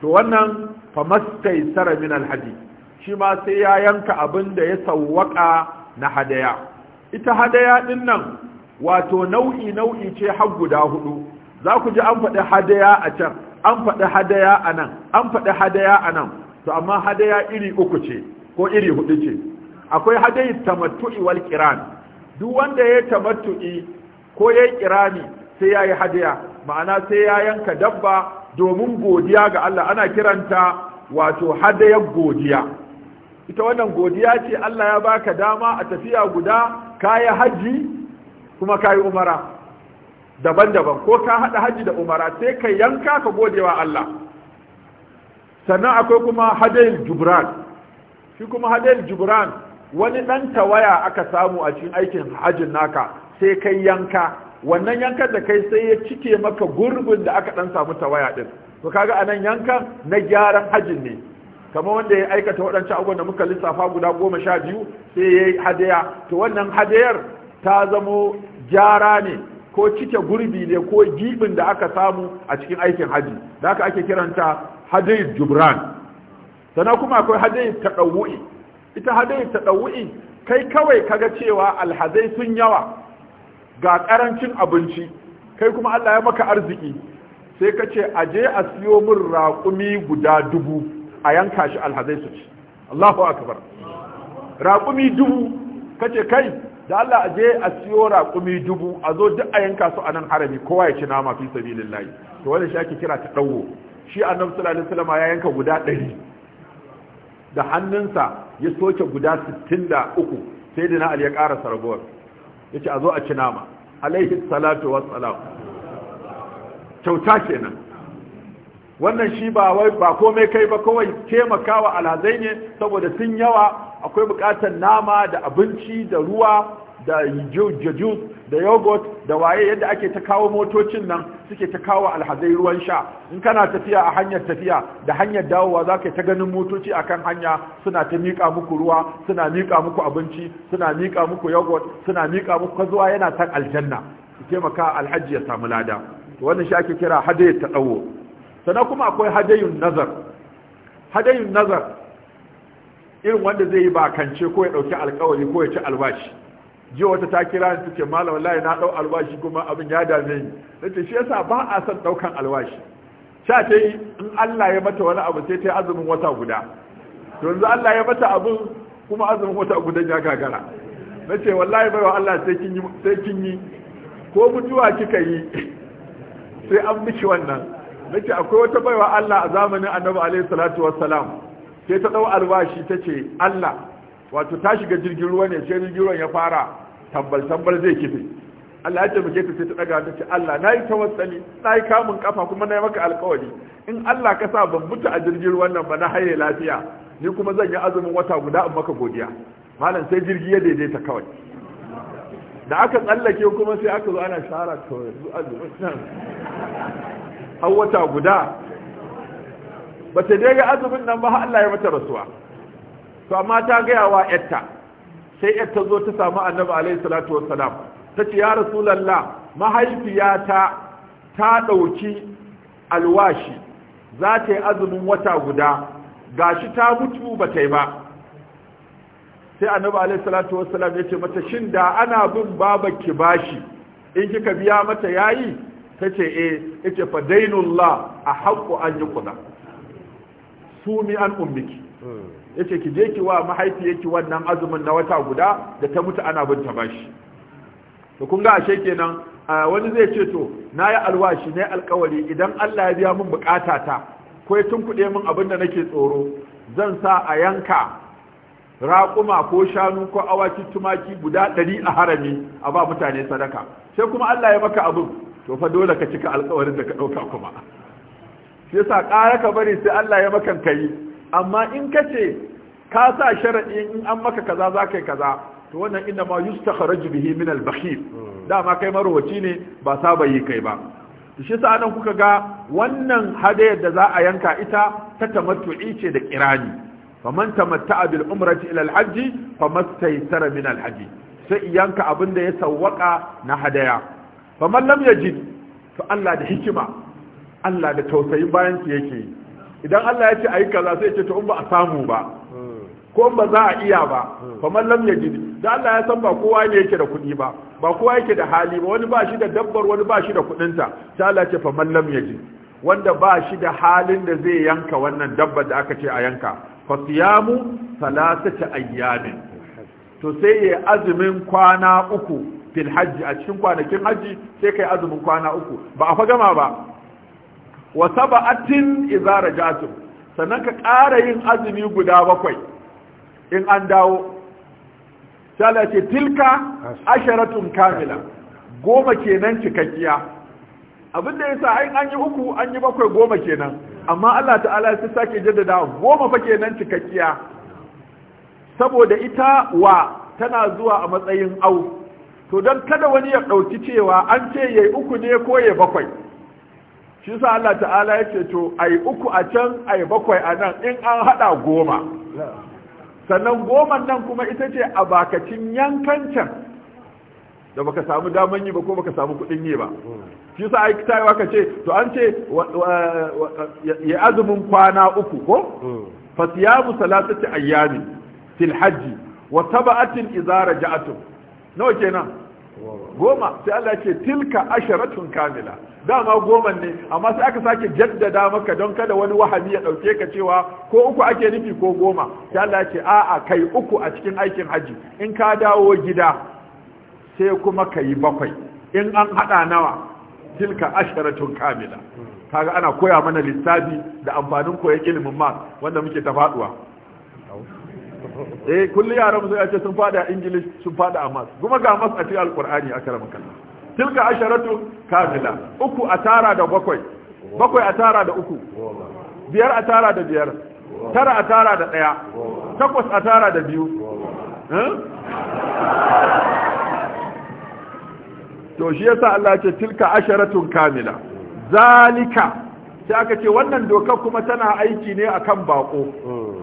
to wannan famastaysara min al shi ma sai ya yanka abin da ya sauwaƙa na hadaya ita hadaya din nan wato nau'i nau'i ce har guda hudu za ku ji an faɗi hadaya a can an faɗi hadaya a nan an faɗi hadaya a nan to amma hadaya iri uku ce ko iri hudu ce akwai hadayi tamattu'i wal kiran duk wanda ya tamattu'i ko ya kirani sai ya yi hadaya ma'ana sai ya yanka dabba domin godiya ga Allah ana kiranta wato hadayar godiya ita wannan godiya ce Allah ya baka dama a tafiya guda kayi haji kuma kayi umara daban-daban ko ka haɗa hajji da umara sai ka yanka ka gode wa Allah sannan akwai kuma hadayin jubran shi kuma hadayin jubran wani ɗan tawaya aka samu a cikin aikin hajin naka sai kai yanka wannan yankan da kai sai ya cike maka gurbin da aka ɗan samu tawaya ɗin to kaga anan yankan na gyaran hajji ne kamar wanda ya aikata waɗancan abubuwan da muka lissafa guda goma sha biyu sai ya yi hadaya to wannan hadayar ta zamo gyara ne ko cike gurbi ne ko gibin da aka samu a cikin aikin haji da aka ake kiranta hadayi jubran sana kuma akwai hadayi taɗawu'i ita hadayi taɗawu'i kai kawai kaga cewa alhazai sun yawa ga ƙarancin abinci kai kuma allah ya maka arziki sai ka ce a je a siyo min raƙumi guda dubu a yanka shi alhazai su ci allahu akbar raƙumi dubu ka ce kai da Allah a je a siyo raƙumi dubu a zo duk a yanka su a nan harami kowa ya ci nama fi lillahi to wanda shi ake kira ta ɗauwo shi annabi sallallahu alaihi wasallam ya yanka guda ɗari. da hannunsa ya soke guda 63 sai dina Ali ya ƙara sarabuwar. Ya ce a zo a ci nama alaihi salatu wassalam kyauta kenan wannan shi ba wai ba komai kai ba kawai taimakawa alhazai ne saboda sun yawa akwai bukatar nama da abinci da ruwa da jujus da yogurt da waye yadda ake ta kawo motocin nan suke ta kawo alhazai ruwan sha in kana tafiya a hanyar tafiya da hanyar dawowa za ka ta ganin motoci akan hanya suna ta miƙa muku ruwa suna miƙa muku abinci suna miƙa muku yogurt suna miƙa muku zuwa yana san aljanna taimaka alhaji ya samu lada wannan shi ake kira hadayat tadawo sannan kuma akwai hadayin nazar hadayun nazar irin wanda zai yi kance ko ya ɗauki alkawari ko ya ci albashi jiya wata ta kira ni tace malam wallahi na ɗau albashi kuma abin ya dame ni nace shi yasa ba a son ɗaukan albashi sha ta yi in Allah ya mata wani abu sai ta yi azumin wata guda to yanzu Allah ya mata abu kuma azumin wata guda ya gagara nace wallahi baiwa Allah sai kin yi sai kin yi ko mutuwa kika yi sai an miki wannan nace akwai wata baiwa Allah a zamanin Annabi alaihi salatu wassalam sai ta dau albashi ta ce Allah wato ta shiga jirgin ruwa ne sai jirgin ruwan ya fara tambal tambal zai kife Allah ya tambaye ta sai ta daga ta ce Allah nayi tawassali nayi kamun kafa kuma nayi maka alƙawari in Allah ka sa ban mutu a jirgin ruwan nan ba na haye lafiya ni kuma zan yi azumin wata guda in maka godiya malam sai jirgi ya daidaita kawai da aka tsallake kuma sai aka zo ana shara to zuwa nan har wata guda ba ta dai ga azumin nan ba Allah ya mata rasuwa to amma ta gaya wa yarta sai yarta zo ta samu annabi alaihi salatu wassalam ta ya rasulullah mahaifiyata ta ɗauki alwashi za ta yi azumin wata guda gashi ta mutu ba ta yi ba sai annabi alaihi salatu wassalam ya ce mata shin da ana bin ki bashi in kika biya mata yayi tace ce eh yace fa dainullah a haqqu an yuqda sumi an ummiki yace ki je ki wa mahaifiyarki wannan azumin na wata guda da ta mutu ana ta bashi to kun ga ashe kenan wani zai ce to nayi alwashi ne alkawari idan Allah ya biya min bukatata ko ya tunkuɗe min abin da nake tsoro zan sa a yanka raƙuma ko shanu ko awaki tumaki guda ɗari a harami a ba mutane sadaka sai kuma Allah ya maka abin to fa dole ka cika alkawarin da ka ɗauka kuma shi yasa ƙara ka bari sai Allah ya maka yi. amma in ka ce ka sa sharadi in an maka kaza za kai kaza to wannan inda ma yustakhraju bihi min al-bakhil hmm. dama kai marwaci ne ba saba yi kai ba shi yasa nan kuka ga wannan hadayar da za a yanka ita ta tamattu'i ce da kirani faman tamatta'a bil umrati ila al-hajj famastaysara min al sai yanka abin da ya sawwaka na hadaya faman lam yajid to Allah da hikima Allah da tausayin bayan ki yake idan Allah ya ce ayi kaza sai ce to in ba a samu ba ko in ba za a iya ba fa man lam yajid da Allah ya san ba kowa ne yake da kuɗi ba ba kowa yake da hali ba wani ba shi da dabbar wani ba shi da kuɗin ta sai Allah ya ce fa man lam yajid wanda ba shi da halin da zai yanka wannan dabbar da aka ce a yanka fa siyamu salasata ayyamin to sai ya azumin kwana uku fil hajji a cikin kwanakin hajji sai kai azumin kwana uku ba a fa gama ba wa saba'atin idza raja'tum sannan ka ƙara yin azumi guda bakwai in an dawo sai tilka asharatun kamila goma kenan cikakkiya abin da yasa ai an yi uku an yi bakwai goma kenan amma Allah ta'ala ya sake jaddada goma fa kenan cikakkiya saboda ita wa tana zuwa a matsayin au to don kada wani ya ɗauki cewa an ce yayi uku ne ko ya bakwai shi sa Allah ta'ala yake to ai uku a can ai bakwai a nan in an hada goma sannan goman nan kuma ita ce a bakacin yankan can da baka samu daman yi ba ko baka samu kudin yi ba shi sa ai tayewa ka ce to an ce ya azumin kwana uku ko hmm. fa siyamu salatati ayyami fil hajji wa taba'atin idza raja'atum nawa kenan goma sai Allah ya ce tilka asharatun kamila dama goman ne amma sai aka sake jaddada maka don kada wani wahami ya ɗauke ka cewa ko uku ake nufi ko goma sai Allah ya ce a'a kai uku a cikin aikin haji in ka dawo gida sai kuma ka yi bakwai in an haɗa nawa tilka asharatun kamila kaga ana koya mana lissafi da amfanin koyon ilimin ma wanda muke ta faduwa eh kullu yaran sun sai a ce sun fada english sun fada a kuma ga mas a cikin alqur'ani akaramakallah tilka asharatu kamila. uku a tara da bakwai bakwai a tara da uku biyar a tara da biyar tara a tara da ɗaya takwas a tara da biyu eh? to shi yasa Allah ce tilka asharatun kamila zalika sai aka ce wannan doka kuma tana aiki ne akan bako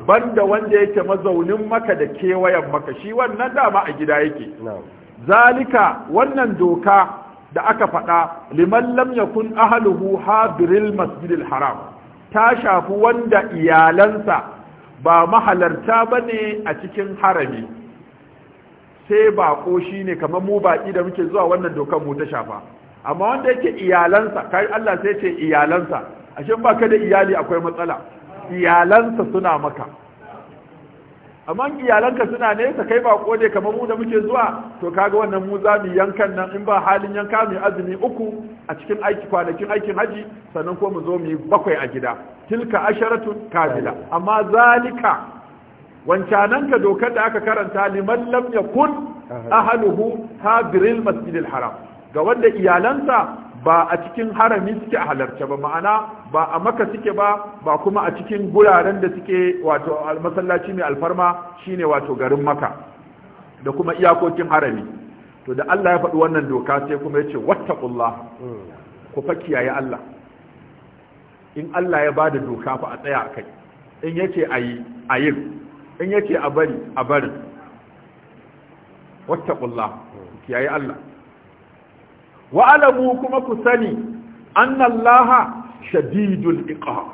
banda wanda yake mazaunin maka da kewayen maka shi wannan dama a gida yake zalika wannan doka da aka faɗa liman lam yakun ahluhu hadiril masjidil haram ta shafi wanda iyalansa ba mahalarta bane a cikin harami sai bako shine kamar mu baki da muke zuwa wannan dokar mu ta shafa amma wanda yake iyalansa kai Allah sai ce iyalansa ashe ba ka da iyali akwai matsala iyalansa suna maka amma iyalanka suna nesa kai ba kode kamar mu da muke zuwa to kaga wannan mu za mu yankan nan in ba halin yanka mu azumi uku a cikin aiki kwanakin aikin haji sannan ko mu zo mu bakwai a gida tilka asharatun kabila amma zalika wancananka dokar da aka karanta liman lam yakun ahluhu hadiril masjidil haram ga wanda iyalansa ba a cikin harami suke a halarce ba ma'ana ba a maka suke ba ba kuma a cikin guraren da suke wato masallaci mai alfarma shine wato garin maka da kuma iyakokin harami to da Allah ya faɗi wannan doka sai kuma ya ce wattaqullah ku fa kiyaye Allah in Allah ya bada doka fa a tsaya a kai in yace a yin. in yace a bari a barin ku kiyaye Allah wa alamu kuma ku sani annallaha shadidul iqab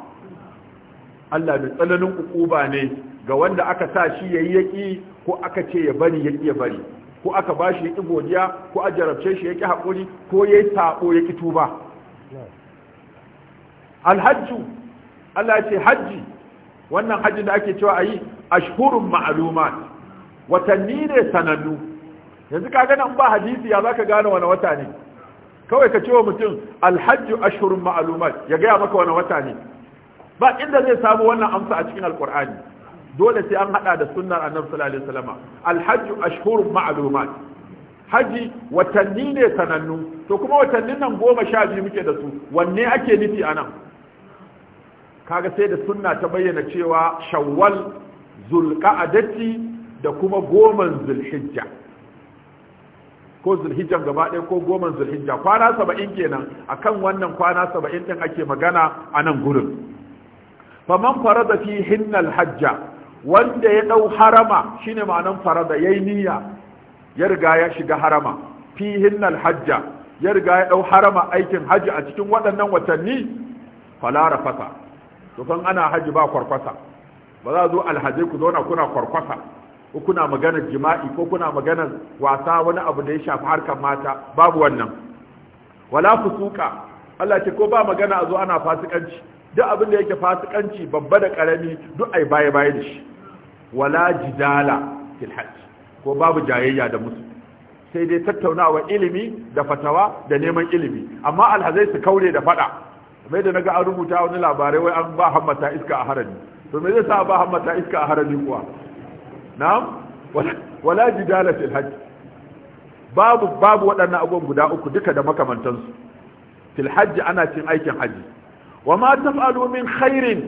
Allah mai tsananin ukuba ne ga wanda aka sa shi yayi yaki ko aka ce ya bari yaki ya bari ko aka bashi yaki godiya ko a jarabce shi yaki hakuri ko yayi sabo yaki tuba alhajju Allah ce hajji wannan haji da ake cewa ayi ashhurun ma'lumat watanni ne sanannu yanzu ka ga nan ba hadisi ya zaka gane wani wata ne kawai ka ce wa mutum alhajju ashhurun ma'lumat ya gaya maka wani wata ne ba inda zai samu wannan amsa a cikin alqur'ani dole sai an hada da sunnar annabi sallallahu alaihi wasallam alhajju ashhurun ma'lumat haji watanni ne sanannu to kuma watanni nan goma sha biyu muke da su wanne ake nufi a nan kaga sai da sunna ta bayyana cewa shawwal zulqa'adati da kuma goman zulhijja ko zulhijjan gaba ɗaya ko goma zulhijja kwana saba'in kenan akan wannan kwana saba'in ɗin ake magana a nan gurin faman farada fi hinnal hajja wanda ya ɗau harama shine ma'anan farada yayi niyya ya riga ya shiga harama fi hinnal hajja ya riga ya ɗau harama aikin hajji a cikin waɗannan watanni fala fasa. to kan ana haji ba kwarkwasa ba za zo alhaji ku zauna kuna kwarkwasa ko kuna maganar jima'i ko kuna maganar wasa wani abu da ya shafi harkar mata babu wannan wala fusuka Allah ce ko ba magana a zo ana fasikanci duk abin da yake fasikanci babba da karami duk ai baya baya da shi wala jidala fil hajj ko babu jayayya da musu sai dai tattaunawa ilimi da fatawa da neman ilimi amma alhazai su kaure da fada mai da naga an rubuta wani labarai wai an ba hammata iska a harami to me zai sa ba hammata iska a harami kuwa na'am wala jidala fil hajj babu babu waɗannan abubuwan guda uku duka da makamantansu fil hajj ana cin aikin haji wa ma taf'alu min khairin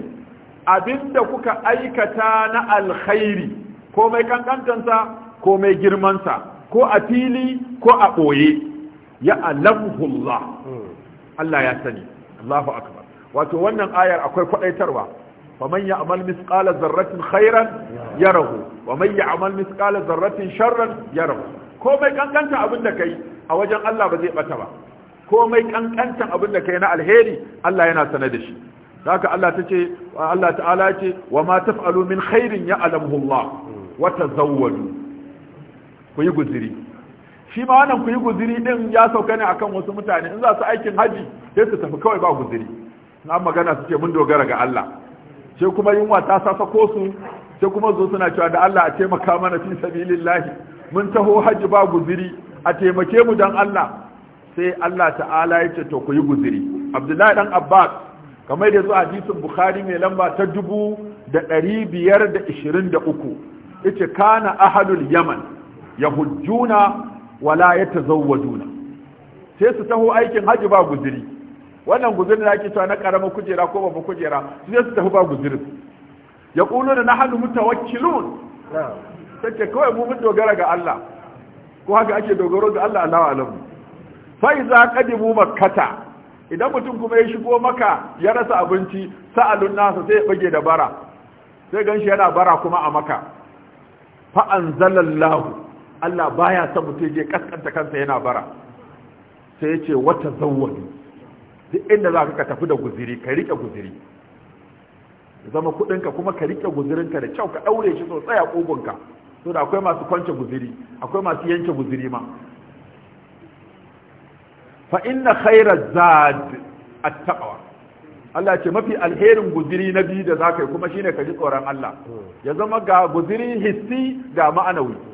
abinda kuka aikata na alkhairi komai kankantansa mai girmansa ko a fili ko a ɓoye ya alamhullah hmm. Allah ya sani Allahu akbar wato wannan ayar akwai kwadaitarwa فمن يعمل مثقال ذره خيرا يره wa يعمل مثقال ذره شرا sharran yarahu komai kankanta abin da kai a wajen Allah ba zai bata ba komai kankantan abin da kai na alheri Allah yana sane da shi haka Allah tace Allah ta'ala ce wa ma taf'alu min khairin ya'lamuhu Allah wa tazawwadu ku yi guziri shi ma wannan ku yi guziri din ya sauka ne akan wasu mutane in za su aikin haji sai su tafi kawai ba guziri na magana suke mun dogara ga Allah sai kuma yunwa ta sasa ko su sai kuma zo suna cewa da Allah a taimaka mana fi sabilillahi mun taho hajji ba guziri a taimake mu dan Allah sai Allah ta'ala ya ce to ku yi guziri Abdullahi dan Abbas kamar da zo hadisin Bukhari mai lamba ta dubu da da ishirin uku kana ahalul yaman yahujuna wala yatazawwaduna sai su taho aikin hajji ba guziri wannan guzurin da ake cewa na karama kujera ko babu kujera su su tafi ba guzurin ya kulo da na hannu mutawakkilun take kawai mu mun dogara ga Allah ko haka ake dogaro ga Allah Allahu alamu fa iza qadimu makkata idan mutum kuma ya shigo maka ya rasa abinci sa'alun nasa sai ya bage da bara sai ganshi yana bara kuma a maka fa anzalallahu Allah baya son mutum je kaskanta kansa yana bara sai ya ce wata zawwani duk inda za ka tafi da guziri ka rike guziri zama kudinka kuma ka rike guzirinka da kyau ka daure shi sosai a kogonka so da akwai masu kwance guziri akwai masu yanke guziri ma fa inna khayra zad at-taqwa Allah ce mafi alherin guziri na biyu da zaka kuma shine ka ji tsoron Allah ya zama ga guziri hissi ga ma'anawi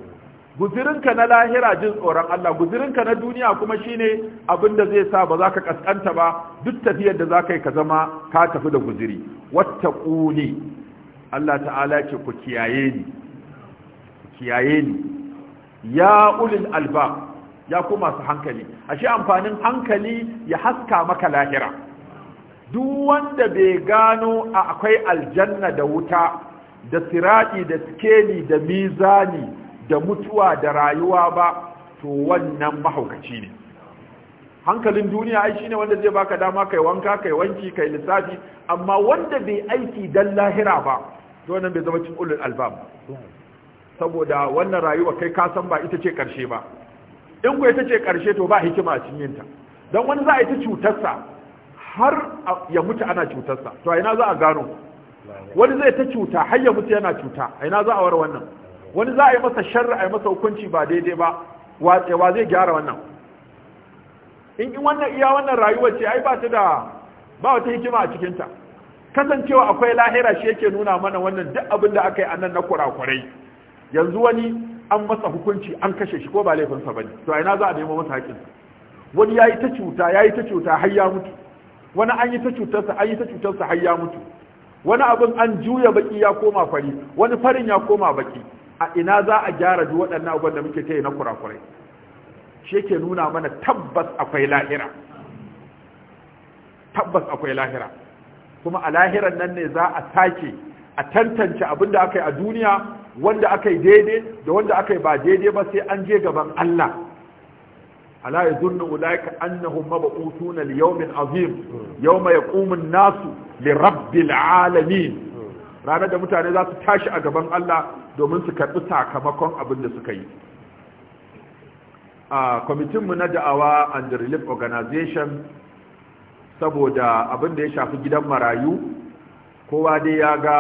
guzirinka na lahira jin tsoron Allah guzirinka na duniya kuma shine abin da zai sa ba za ka kaskanta ba duk tafiyar da za ka yi ka zama ka tafi da guziri wattaquni Allah ta'ala ce ku kiyaye ni ku kiyaye ni ya ulil alba ya ku masu hankali ashe amfanin hankali ya haska maka lahira duk wanda bai gano akwai aljanna da wuta da sirati da skeli da mizani da mutuwa da rayuwa ba to wannan mahaukaci ne hankalin duniya ai shine wanda zai baka dama kai wanka kai wanki kai lissafi amma wanda bai aiki dan lahira ba to wannan bai zama cikin ulul albab saboda wannan rayuwa kai ka san ba ita ce karshe ba in ko ita ce karshe to ba hikima a cikin ta dan wani za a yi ta cutarsa har ya mutu ana cutarsa to a ina za a gano wani zai ta cuta har ya mutu yana cuta a ina za a war wannan wani za a yi masa sharri a yi masa hukunci ba daidai ba wa zai gyara wannan in yi wannan iya wannan rayuwar ce ai ba ta da ba wata hikima a cikinta kasancewa akwai lahira shi yake nuna mana wannan duk abin da aka yi annan na kurakurai yanzu wani an masa hukunci an kashe shi ko ba laifinsa bane to a ina za a nemo masa haƙin wani ya yi ta cuta ya yi ta cuta har ya mutu wani an yi ta cutarsa an yi ta cutarsa har ya mutu wani abin an juya baki ya koma fari wani farin ya koma baki a ina za a gyara duk waɗannan abubuwan da muke kai na kurakurai shi yake nuna mana tabbas akwai lahira tabbas akwai lahira kuma a lahiran nan ne za a sake a tantance abin da aka yi a duniya wanda aka yi daidai da wanda aka yi ba daidai ba sai an je gaban Allah ala yadhunnu ulaika annahum mab'utuna liyawmin azim yawma yaqumun nasu li alamin ranar da mutane za su tashi a gaban Allah domin su karɓi sakamakon abin da suka yi a kwamitinmu na da'awa and relief organization saboda abin da ya shafi gidan marayu kowa dai ya ga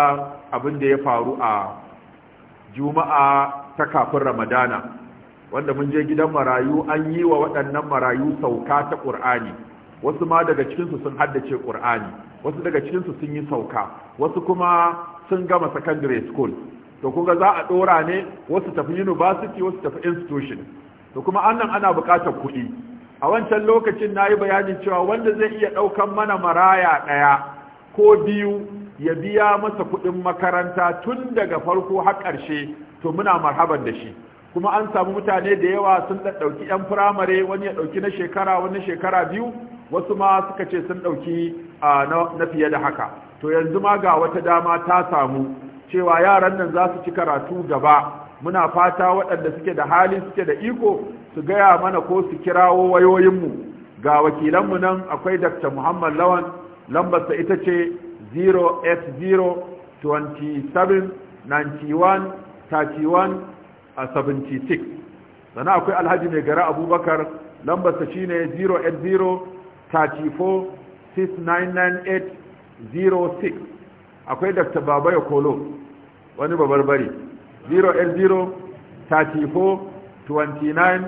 abin da ya faru a juma'a ta kafin ramadana wanda mun je gidan marayu an yi wa waɗannan marayu sauka ta ƙur'ani wasu ma daga cikinsu sun haddace ƙur'ani wasu daga cikinsu sun yi sauka wasu kuma sun gama secondary school to kuga za a dora ne wasu tafi university wasu tafi institution to kuma annan ana buƙatar kuɗi a wancan lokacin na yi bayanin cewa wanda zai iya ɗaukan mana maraya ɗaya ko biyu ya biya masa kuɗin makaranta tun daga farko har ƙarshe to muna marhaban da shi kuma an samu mutane da yawa sun ɗauki 'yan firamare wani ya ɗauki na shekara wani shekara biyu wasu ma suka ce sun ɗauki ah, na fiye da haka to yanzu ma ga wata dama ta samu cewa yaran nan za su ci karatu gaba muna fata waɗanda suke da hali suke da iko su gaya mana ko su kirawo wayoyinmu ga wakilanmu nan akwai dr muhammad lawan lambarsa ita ce 0 27 91 31 76 sannan akwai alhaji mai gara abubakar lambarsa shine 080 34 6998 06 akwai dr babaya kolo wani 0 0 34 29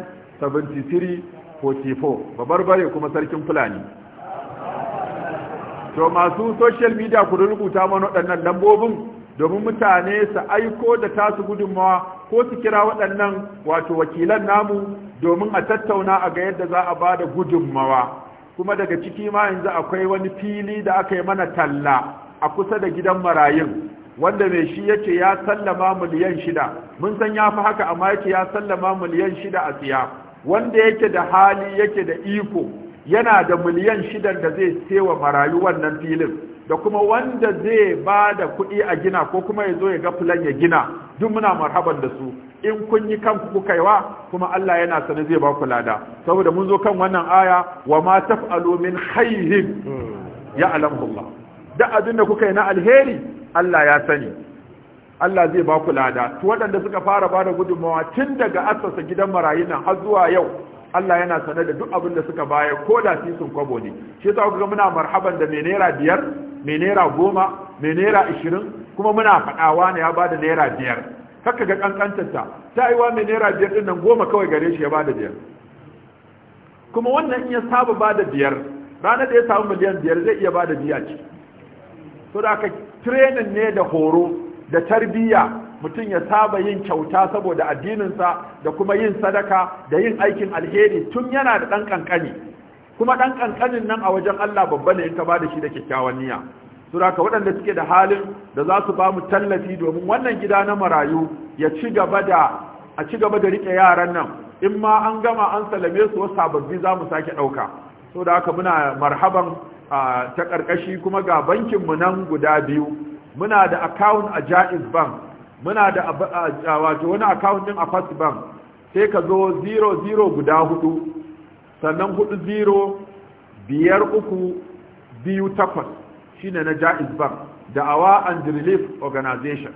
73 44 babarbare kuma sarkin fulani to masu social media ku rubuta mana waɗannan lambobin domin mutane su aiko da tasu gudunmawa ko su kira waɗannan wato wakilan namu domin a tattauna a ga yadda za a ba da gudunmawa kuma daga ciki ma yanzu akwai wani fili da aka yi mana talla a kusa da gidan marayun wanda mai shi yake ya sallama miliyan shida mun san ya fi haka amma yake ya sallama miliyan shida a siya wanda yake da hali yake da iko yana da miliyan shidan da zai sewa marayu wannan filin da kuma wanda zai ba da kuɗi a gina ko kuma ya zo ya ga filan ya gina duk muna marhaban da su in kun yi kanku kuka kuma Allah yana sani zai ba ku lada saboda mun zo kan wannan aya wa ma taf'alu min khayrin ya Allah duk abin da kuka yi na alheri Allah ya sani Allah zai ba ku lada to waɗanda suka fara bada gudunmawa tun daga asasa gidan marayu nan har zuwa yau Allah yana sanar da duk abin da suka baya ko da su sun kwabo ne shi yasa kuka muna marhaban da me naira biyar me naira goma me naira ishirin kuma muna faɗawa ne ya bada naira biyar haka ga kankantarta ta yi wa me naira biyar ɗin nan goma kawai gare shi ya bada biyar kuma wannan in ya saba bada biyar ranar da ya samu miliyan biyar zai iya bada biya ce so da ne da horo da tarbiyya mutum ya saba yin kyauta saboda addininsa da kuma yin sadaka da yin aikin alheri tun yana da ɗan ƙanƙani kuma ɗan ƙanƙanin nan a wajen Allah babba ne in ka bada shi da kyakkyawan niyya su da waɗanda suke da halin da za su ba tallafi domin wannan gida na marayu ya ci gaba da a ci gaba da rike yaran nan in ma an gama an salame su wasu sababbi za mu sake ɗauka so haka muna marhaban a ta karkashi kuma ga bankin mu nan guda biyu muna da account a Jaiz Bank muna da wato wani account din a First Bank sai ka zo 00 guda hudu sannan hudu 0 biyar uku biyu takwas shine na Jaiz Bank da awa and relief organization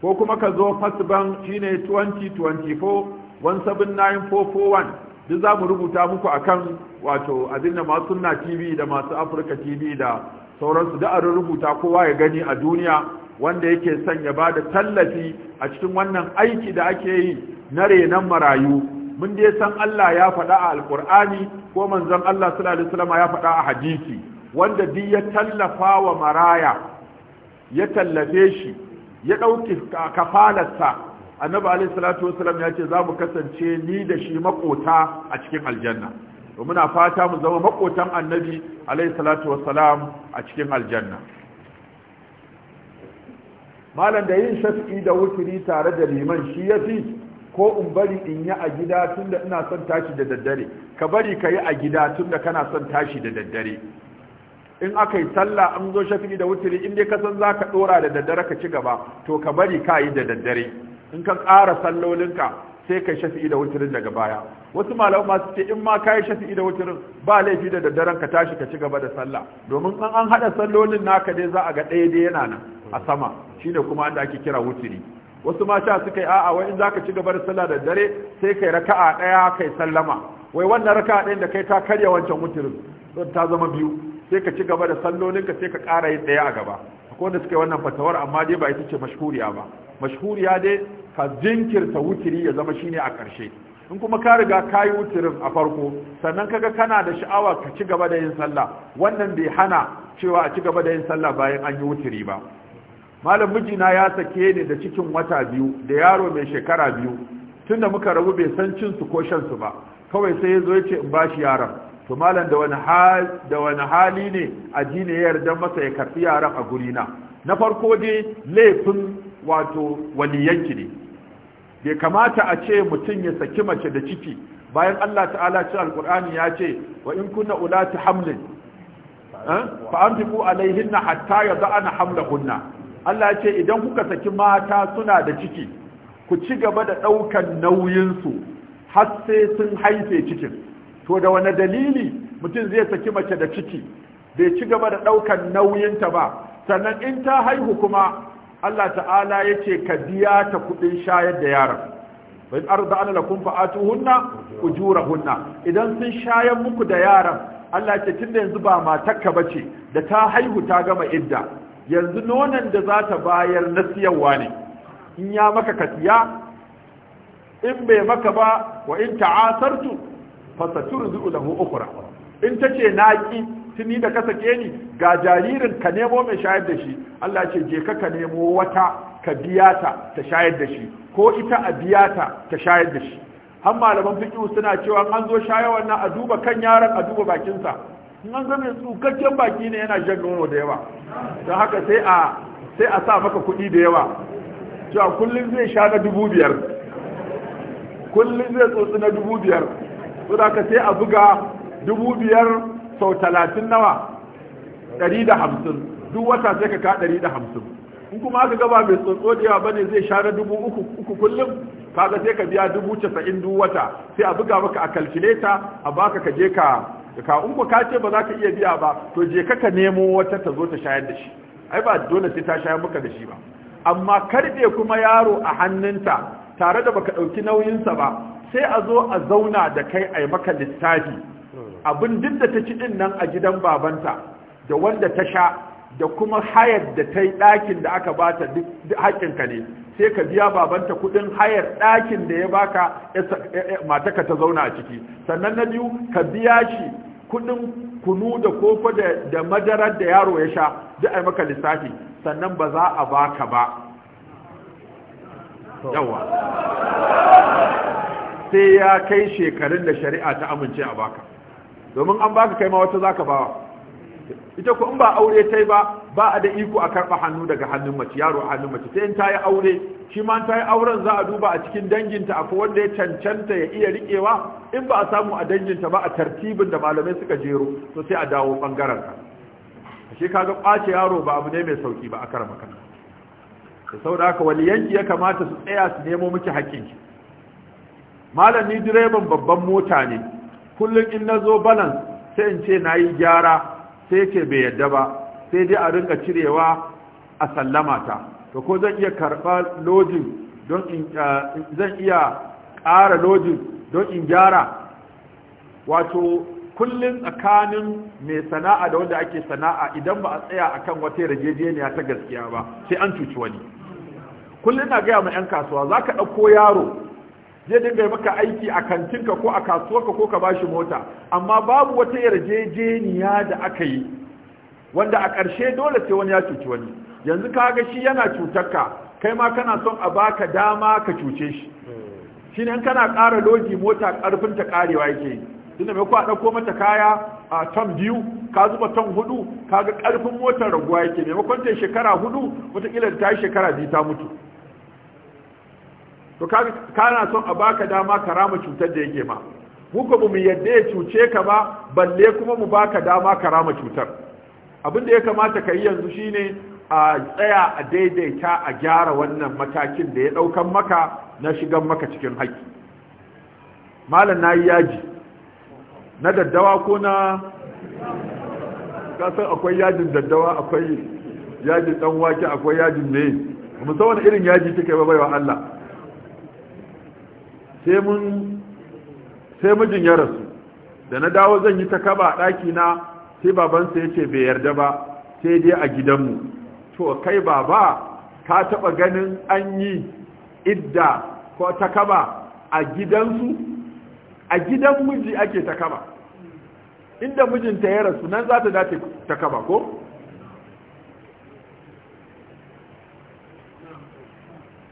ko kuma ka zo First Bank shine 2024 179441 duk za mu rubuta muku akan wato abin da masu sunna tv da masu afirka tv da sauransu da an rubuta kowa ya gani a duniya wanda yake son ya ba da tallafi a cikin wannan aiki da ake yi na renon marayu mun dai san Allah ya faɗa a alkur'ani ko manzon Allah sallallahu alaihi wasallam ya faɗa a hadisi wanda duk ya tallafa wa maraya ya tallafe shi ya ɗauki kafalarsa annabi alayhi salatu wasallam ya ce za mu kasance ni da shi makota a cikin aljanna to muna fata mu zama makotan annabi alayhi salatu wasalam a cikin aljanna malam da yin shafi'i da wuturi tare da liman shi ya fi ko in bari in yi a gida tunda ina son tashi da daddare ka bari ka yi a gida tunda kana son tashi da daddare in aka yi sallah an zo shafi'i da wuturi in dai ka san za ka ɗora da daddare ka ci gaba to ka bari ka yi da daddare in ka ƙara sallolinka sai ka shafi'i da wutirin daga baya wasu malamu masu ce in ma ka yi shafi'i da wutirin ba laifi da daddaren ka tashi ka ci gaba da sallah domin in an haɗa sallolin naka dai za a ga ɗaya dai yana nan a sama shine kuma inda ake kira wutiri wasu mata suka yi a'a wai in za ka ci gaba da sallah da dare sai kai raka'a ɗaya kai sallama wai wannan raka'a ɗayan da kai ta karya wancan wutirin don ta zama biyu sai ka ci gaba da sallolinka sai ka ƙara yin ɗaya a gaba akwai wanda suka wannan fatawar amma dai ba ita ce mashhuriya ba mashhuriya dai ka jinkirta wutiri ya zama shine a ƙarshe in kuma ka riga ka yi wutirin a farko sannan kaga kana da sha'awa ka ci gaba da yin sallah wannan bai hana cewa a ci gaba da yin sallah bayan an yi wutiri ba malam mijina ya sake ni da cikin wata biyu da yaro mai shekara biyu tunda muka rabu bai san cin su ko shan su ba kawai sai ya zo ya ce in bashi yaron to malam da wani hal da wani hali ne addini ya yarda masa ya karfi yaron a gurina na farko dai laifin wato waliyanki ne bai kamata a ce mutum ya saki mace da ciki bayan Allah ta'ala ce alkur'ani ya ce wa in kunna ulati hamlin fa anfiqu alaihinna hatta hamla kunna. Allah ya ce idan kuka saki mata suna da ciki ku ci gaba da ɗaukan nauyinsu, su har sai sun haife cikin to da wani dalili mutum zai saki mace da ciki bai ci gaba da ɗaukan nauyinta ba sannan in ta haihu kuma Allah ta'ala ya ce ka biya ta kudin shayar da yaran bai arda ana lakum ujura ujurahunna idan sun shayar muku da yaran, Allah ce da yanzu ba matarka ce. da ta haihu ta gama idda yanzu nonon da za ta bayar na siyarwa ne in ya maka katiya in bai maka ba wa in ta'asartu fasaturzu lahu ukhra in tace naƙi. tuni da ka sake ni ga jaririn ka nemo mai shayar da shi Allah ce je ka nemo wata ka biya ta ta shayar da shi ko ita a biya ta ta shayar da shi har malaman fiqh suna cewa an zo shayarwar nan a duba kan yaron a duba bakin sa in an zo mai tsukakken baki ne yana jan nono da yawa don haka sai a sai a sa maka kuɗi da yawa cewa kullum zai sha na dubu biyar kullum zai tsotsi na dubu biyar saboda ka sai a buga dubu biyar sau talatin nawa ɗari da hamsin duk wata sai ka ka ɗari da hamsin in kuma aka gaba mai tsotso da yawa bane zai share dubu uku kullum kaga sai ka biya dubu casa'in duk wata sai a buga maka a kalkuleta a baka ka je ka ka in ka ce ba za ka iya biya ba to je ka ka nemo wata ta zo ta shayar da shi ai ba dole sai ta shayar maka da shi ba amma karbe kuma yaro a hannunta tare da baka ɗauki nauyinsa ba sai a zo a zauna da kai a yi maka littafi abin duk da ta ci din nan a gidan babanta da wanda ta sha da kuma hayar da ta yi ɗakin da aka bata duk haƙƙinka ne sai ka biya babanta kuɗin hayar ɗakin da ya baka mataka ta zauna a ciki sannan na biyu ka biya shi kuɗin kunu da kofa da madarar da yaro ya sha duk ai maka lissafi sannan ba za a baka ba yawa sai ya kai shekarun da shari'a ta amince a baka domin an baka kai ma wata zaka bawa ita ko in ba aure tai ba ba a da iko a karba hannu daga hannun mace yaro a hannun mace sai in yi aure shi ma tayi auren za a duba a cikin danginta ko wanda ya cancanta ya iya riƙewa. in ba a samu a danginta ba a tartibin da malamai suka jero to sai a dawo bangaren ka ka ga kwace yaro ba abu ne mai sauki ba a karama kanka da saboda haka waliyanki ya kamata su tsaya su nemo miki Malam malami direban babban mota ne kullum in na zo banan sai in ce na yi gyara sai ce bai yadda ba sai dai a rinka cirewa a sallama ta to ko zan iya karɓa lodin don in eh, zan iya ƙara lodin don in gyara wato kullum tsakanin mai sana'a da wanda ake sana'a idan ba a tsaya a kan wata yarjejeniya ta gaskiya ba sai an cuci wani kullum na gaya ma 'yan kasuwa za ka ɗauko yaro zai dinga maka aiki a kantinka ko a kasuwarka ko ka bashi mota amma babu wata yarjejeniya da aka yi wanda a ƙarshe dole sai wani ya cuci wani yanzu kaga shi yana cutar ka, kai ma kana son a baka dama ka cuce shi shi ne kana ƙara loji mota ƙarfin ta ƙarewa yake yi tunda mai kwa ɗauko mata kaya a ton biyu ka zuba ton hudu ka ga ƙarfin motar raguwa yake maimakon ta shekara hudu wataƙila ta yi shekara biyu ta mutu to kana son a baka dama ka rama cutar da yake ma mu ba mu yadda ya cuce ka ba balle kuma mu baka dama ka rama cutar abin da ya kamata ka yi yanzu shine a tsaya a daidaita a gyara wannan matakin da ya daukan maka na shigan maka cikin haƙƙi malam nayi yaji na daddawa ko na kasan akwai yajin daddawa akwai yajin dan wake akwai yajin ne musamman irin yaji kike ba baiwa Allah sai mijin ya rasu da na dawo zan yi takaba a ɗaki na sai babansa ya ce bai yarda ba sai dai a gidanmu to kai baba ka taɓa ganin an yi idda ko ta kaba a gidansu a gidan miji ake ta inda mijinta ya rasu nan za ta dace takaba ko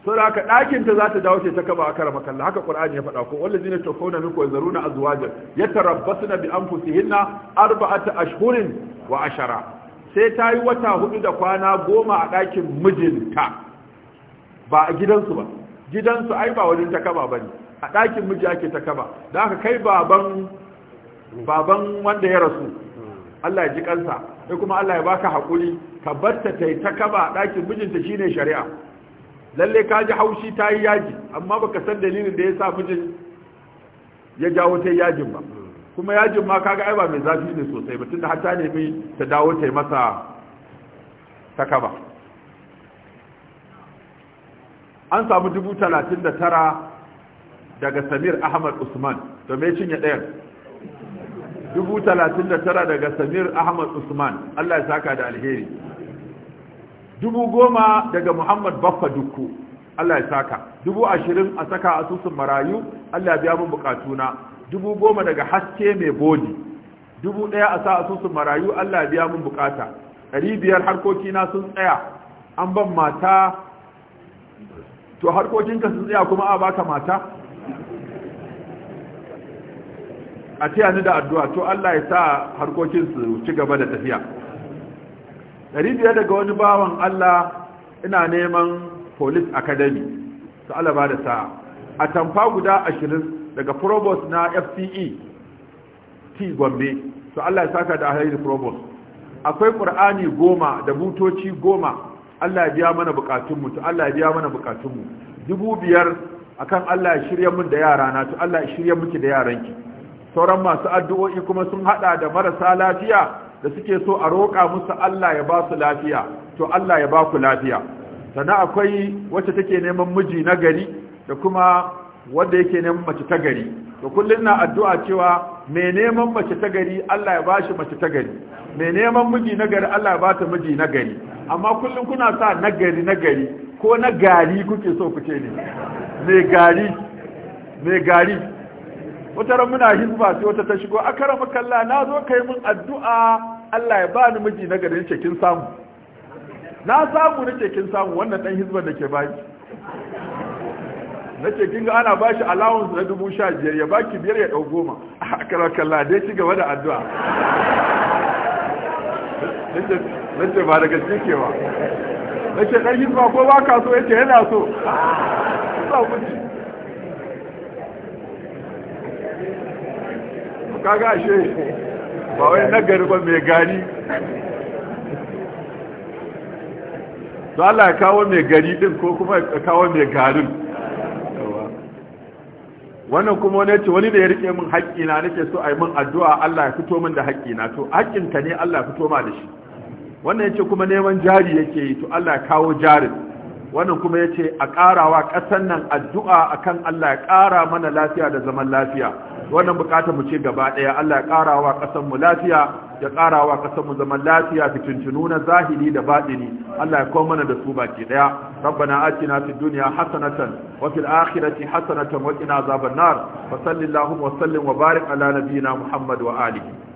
saboda haka ɗakin ta za ta dawo ce ta kaba a karama kalla haka qur'ani ya faɗa ko wallazi ne tafawna minku yazaruna azwajan yatarabbasna bi anfusihinna arba'ata ashhurin wa ashara sai ta yi wata hudu da kwana goma a ɗakin mijinta ba a gidansu ba gidansu ai ba wajen ta kaba bane a ɗakin miji ake ta kaba da haka kai baban baban wanda ya rasu Allah ya ji kansa sai kuma Allah ya baka hakuri ka tai ta ta kaba a ɗakin mijinta shine shari'a lalle ka ji haushi ta yi yaji amma baka san dalilin da ya sa mijin ya jawo ta yajin ba kuma yajin ma kaga ai ba mai zafi ne sosai ba tunda har ta nemi ta dawo ta yi masa kaba. an samu dubu talatin da tara daga samir ahmad usman to me cinye ɗayan dubu talatin da tara daga samir ahmad usman allah ya saka da alheri dubu goma daga muhammad baffa dukku allah ya saka dubu ashirin a saka asusun marayu allah ya biya mun bukatuna dubu goma daga haske mai bodi dubu ɗaya a sa asusun marayu allah ya biya mun bukata ɗari biyar harkokina sun tsaya an ban mata to harkokinka sun tsaya kuma a baka mata a ni da addu'a to allah ya sa harkokinsu ci gaba da tafiya biyar daga wani bawan Allah ina neman police academy su alaba da sa'a a tamfa guda ashirin daga provost na fce t gombe su Allah ya saka da alheri provost akwai ƙur'ani goma da butoci goma Allah ya biya mana bukatunmu su Allah ya biya mana bukatunmu dubu biyar a kan Allah ya shirya mun da yarana su Allah ya shirya muke da yaranki sauran masu addu'o'i kuma sun haɗa da marasa lafiya da suke so a roƙa musu Allah ya ba su lafiya to Allah ya ba ku lafiya sannan akwai wacce take neman miji na gari da kuma wanda yake neman mace ta gari to kullum na addu'a cewa me neman mace ta gari Allah ya bashi mace ta gari me neman miji na gari Allah ya ba bata miji na gari amma kullum kuna sa na gari na gari ko na gari kuke so kuke ne me gari me gari wata ran muna hizba sai wata ta shigo akara makalla na zo kai mun addu'a Allah ya ba ni miji na garin ce kin samu na samu na kin samu wannan dan hizban da ke baki na kin ga ana bashi allowance na dubu sha biyar ya baki biyar ya dau goma akara makalla dai ci gaba da addu'a ce ba daga cikewa na ce dan hizba ko ba ka so yake yana so kaga ashe ba wai nagari ba mai gari to Allah ya kawo mai gari din ko kuma ya kawo mai garin wannan kuma wani ce wani da ya rike min haƙƙina nake so a yi min addu'a Allah ya fito min da haƙƙina to haƙƙinka ne Allah ya fito ma da shi wannan ya ce kuma neman jari yake yi to Allah ya kawo jarin wannan kuma ya ce a ƙarawa ƙasan nan addu'a akan Allah ya ƙara mana lafiya da zaman lafiya wannan bukatar mu ce gaba daya Allah ya karawa kasar mu lafiya ya karawa kasar mu zaman lafiya fitintunu na zahiri da batini Allah ya kawo mana da su baki daya rabbana atina fid dunya hasanatan wa fil akhirati hasanatan wa qina azaban nar wa sallallahu wa sallim wa barik ala nabiyyina muhammad wa alihi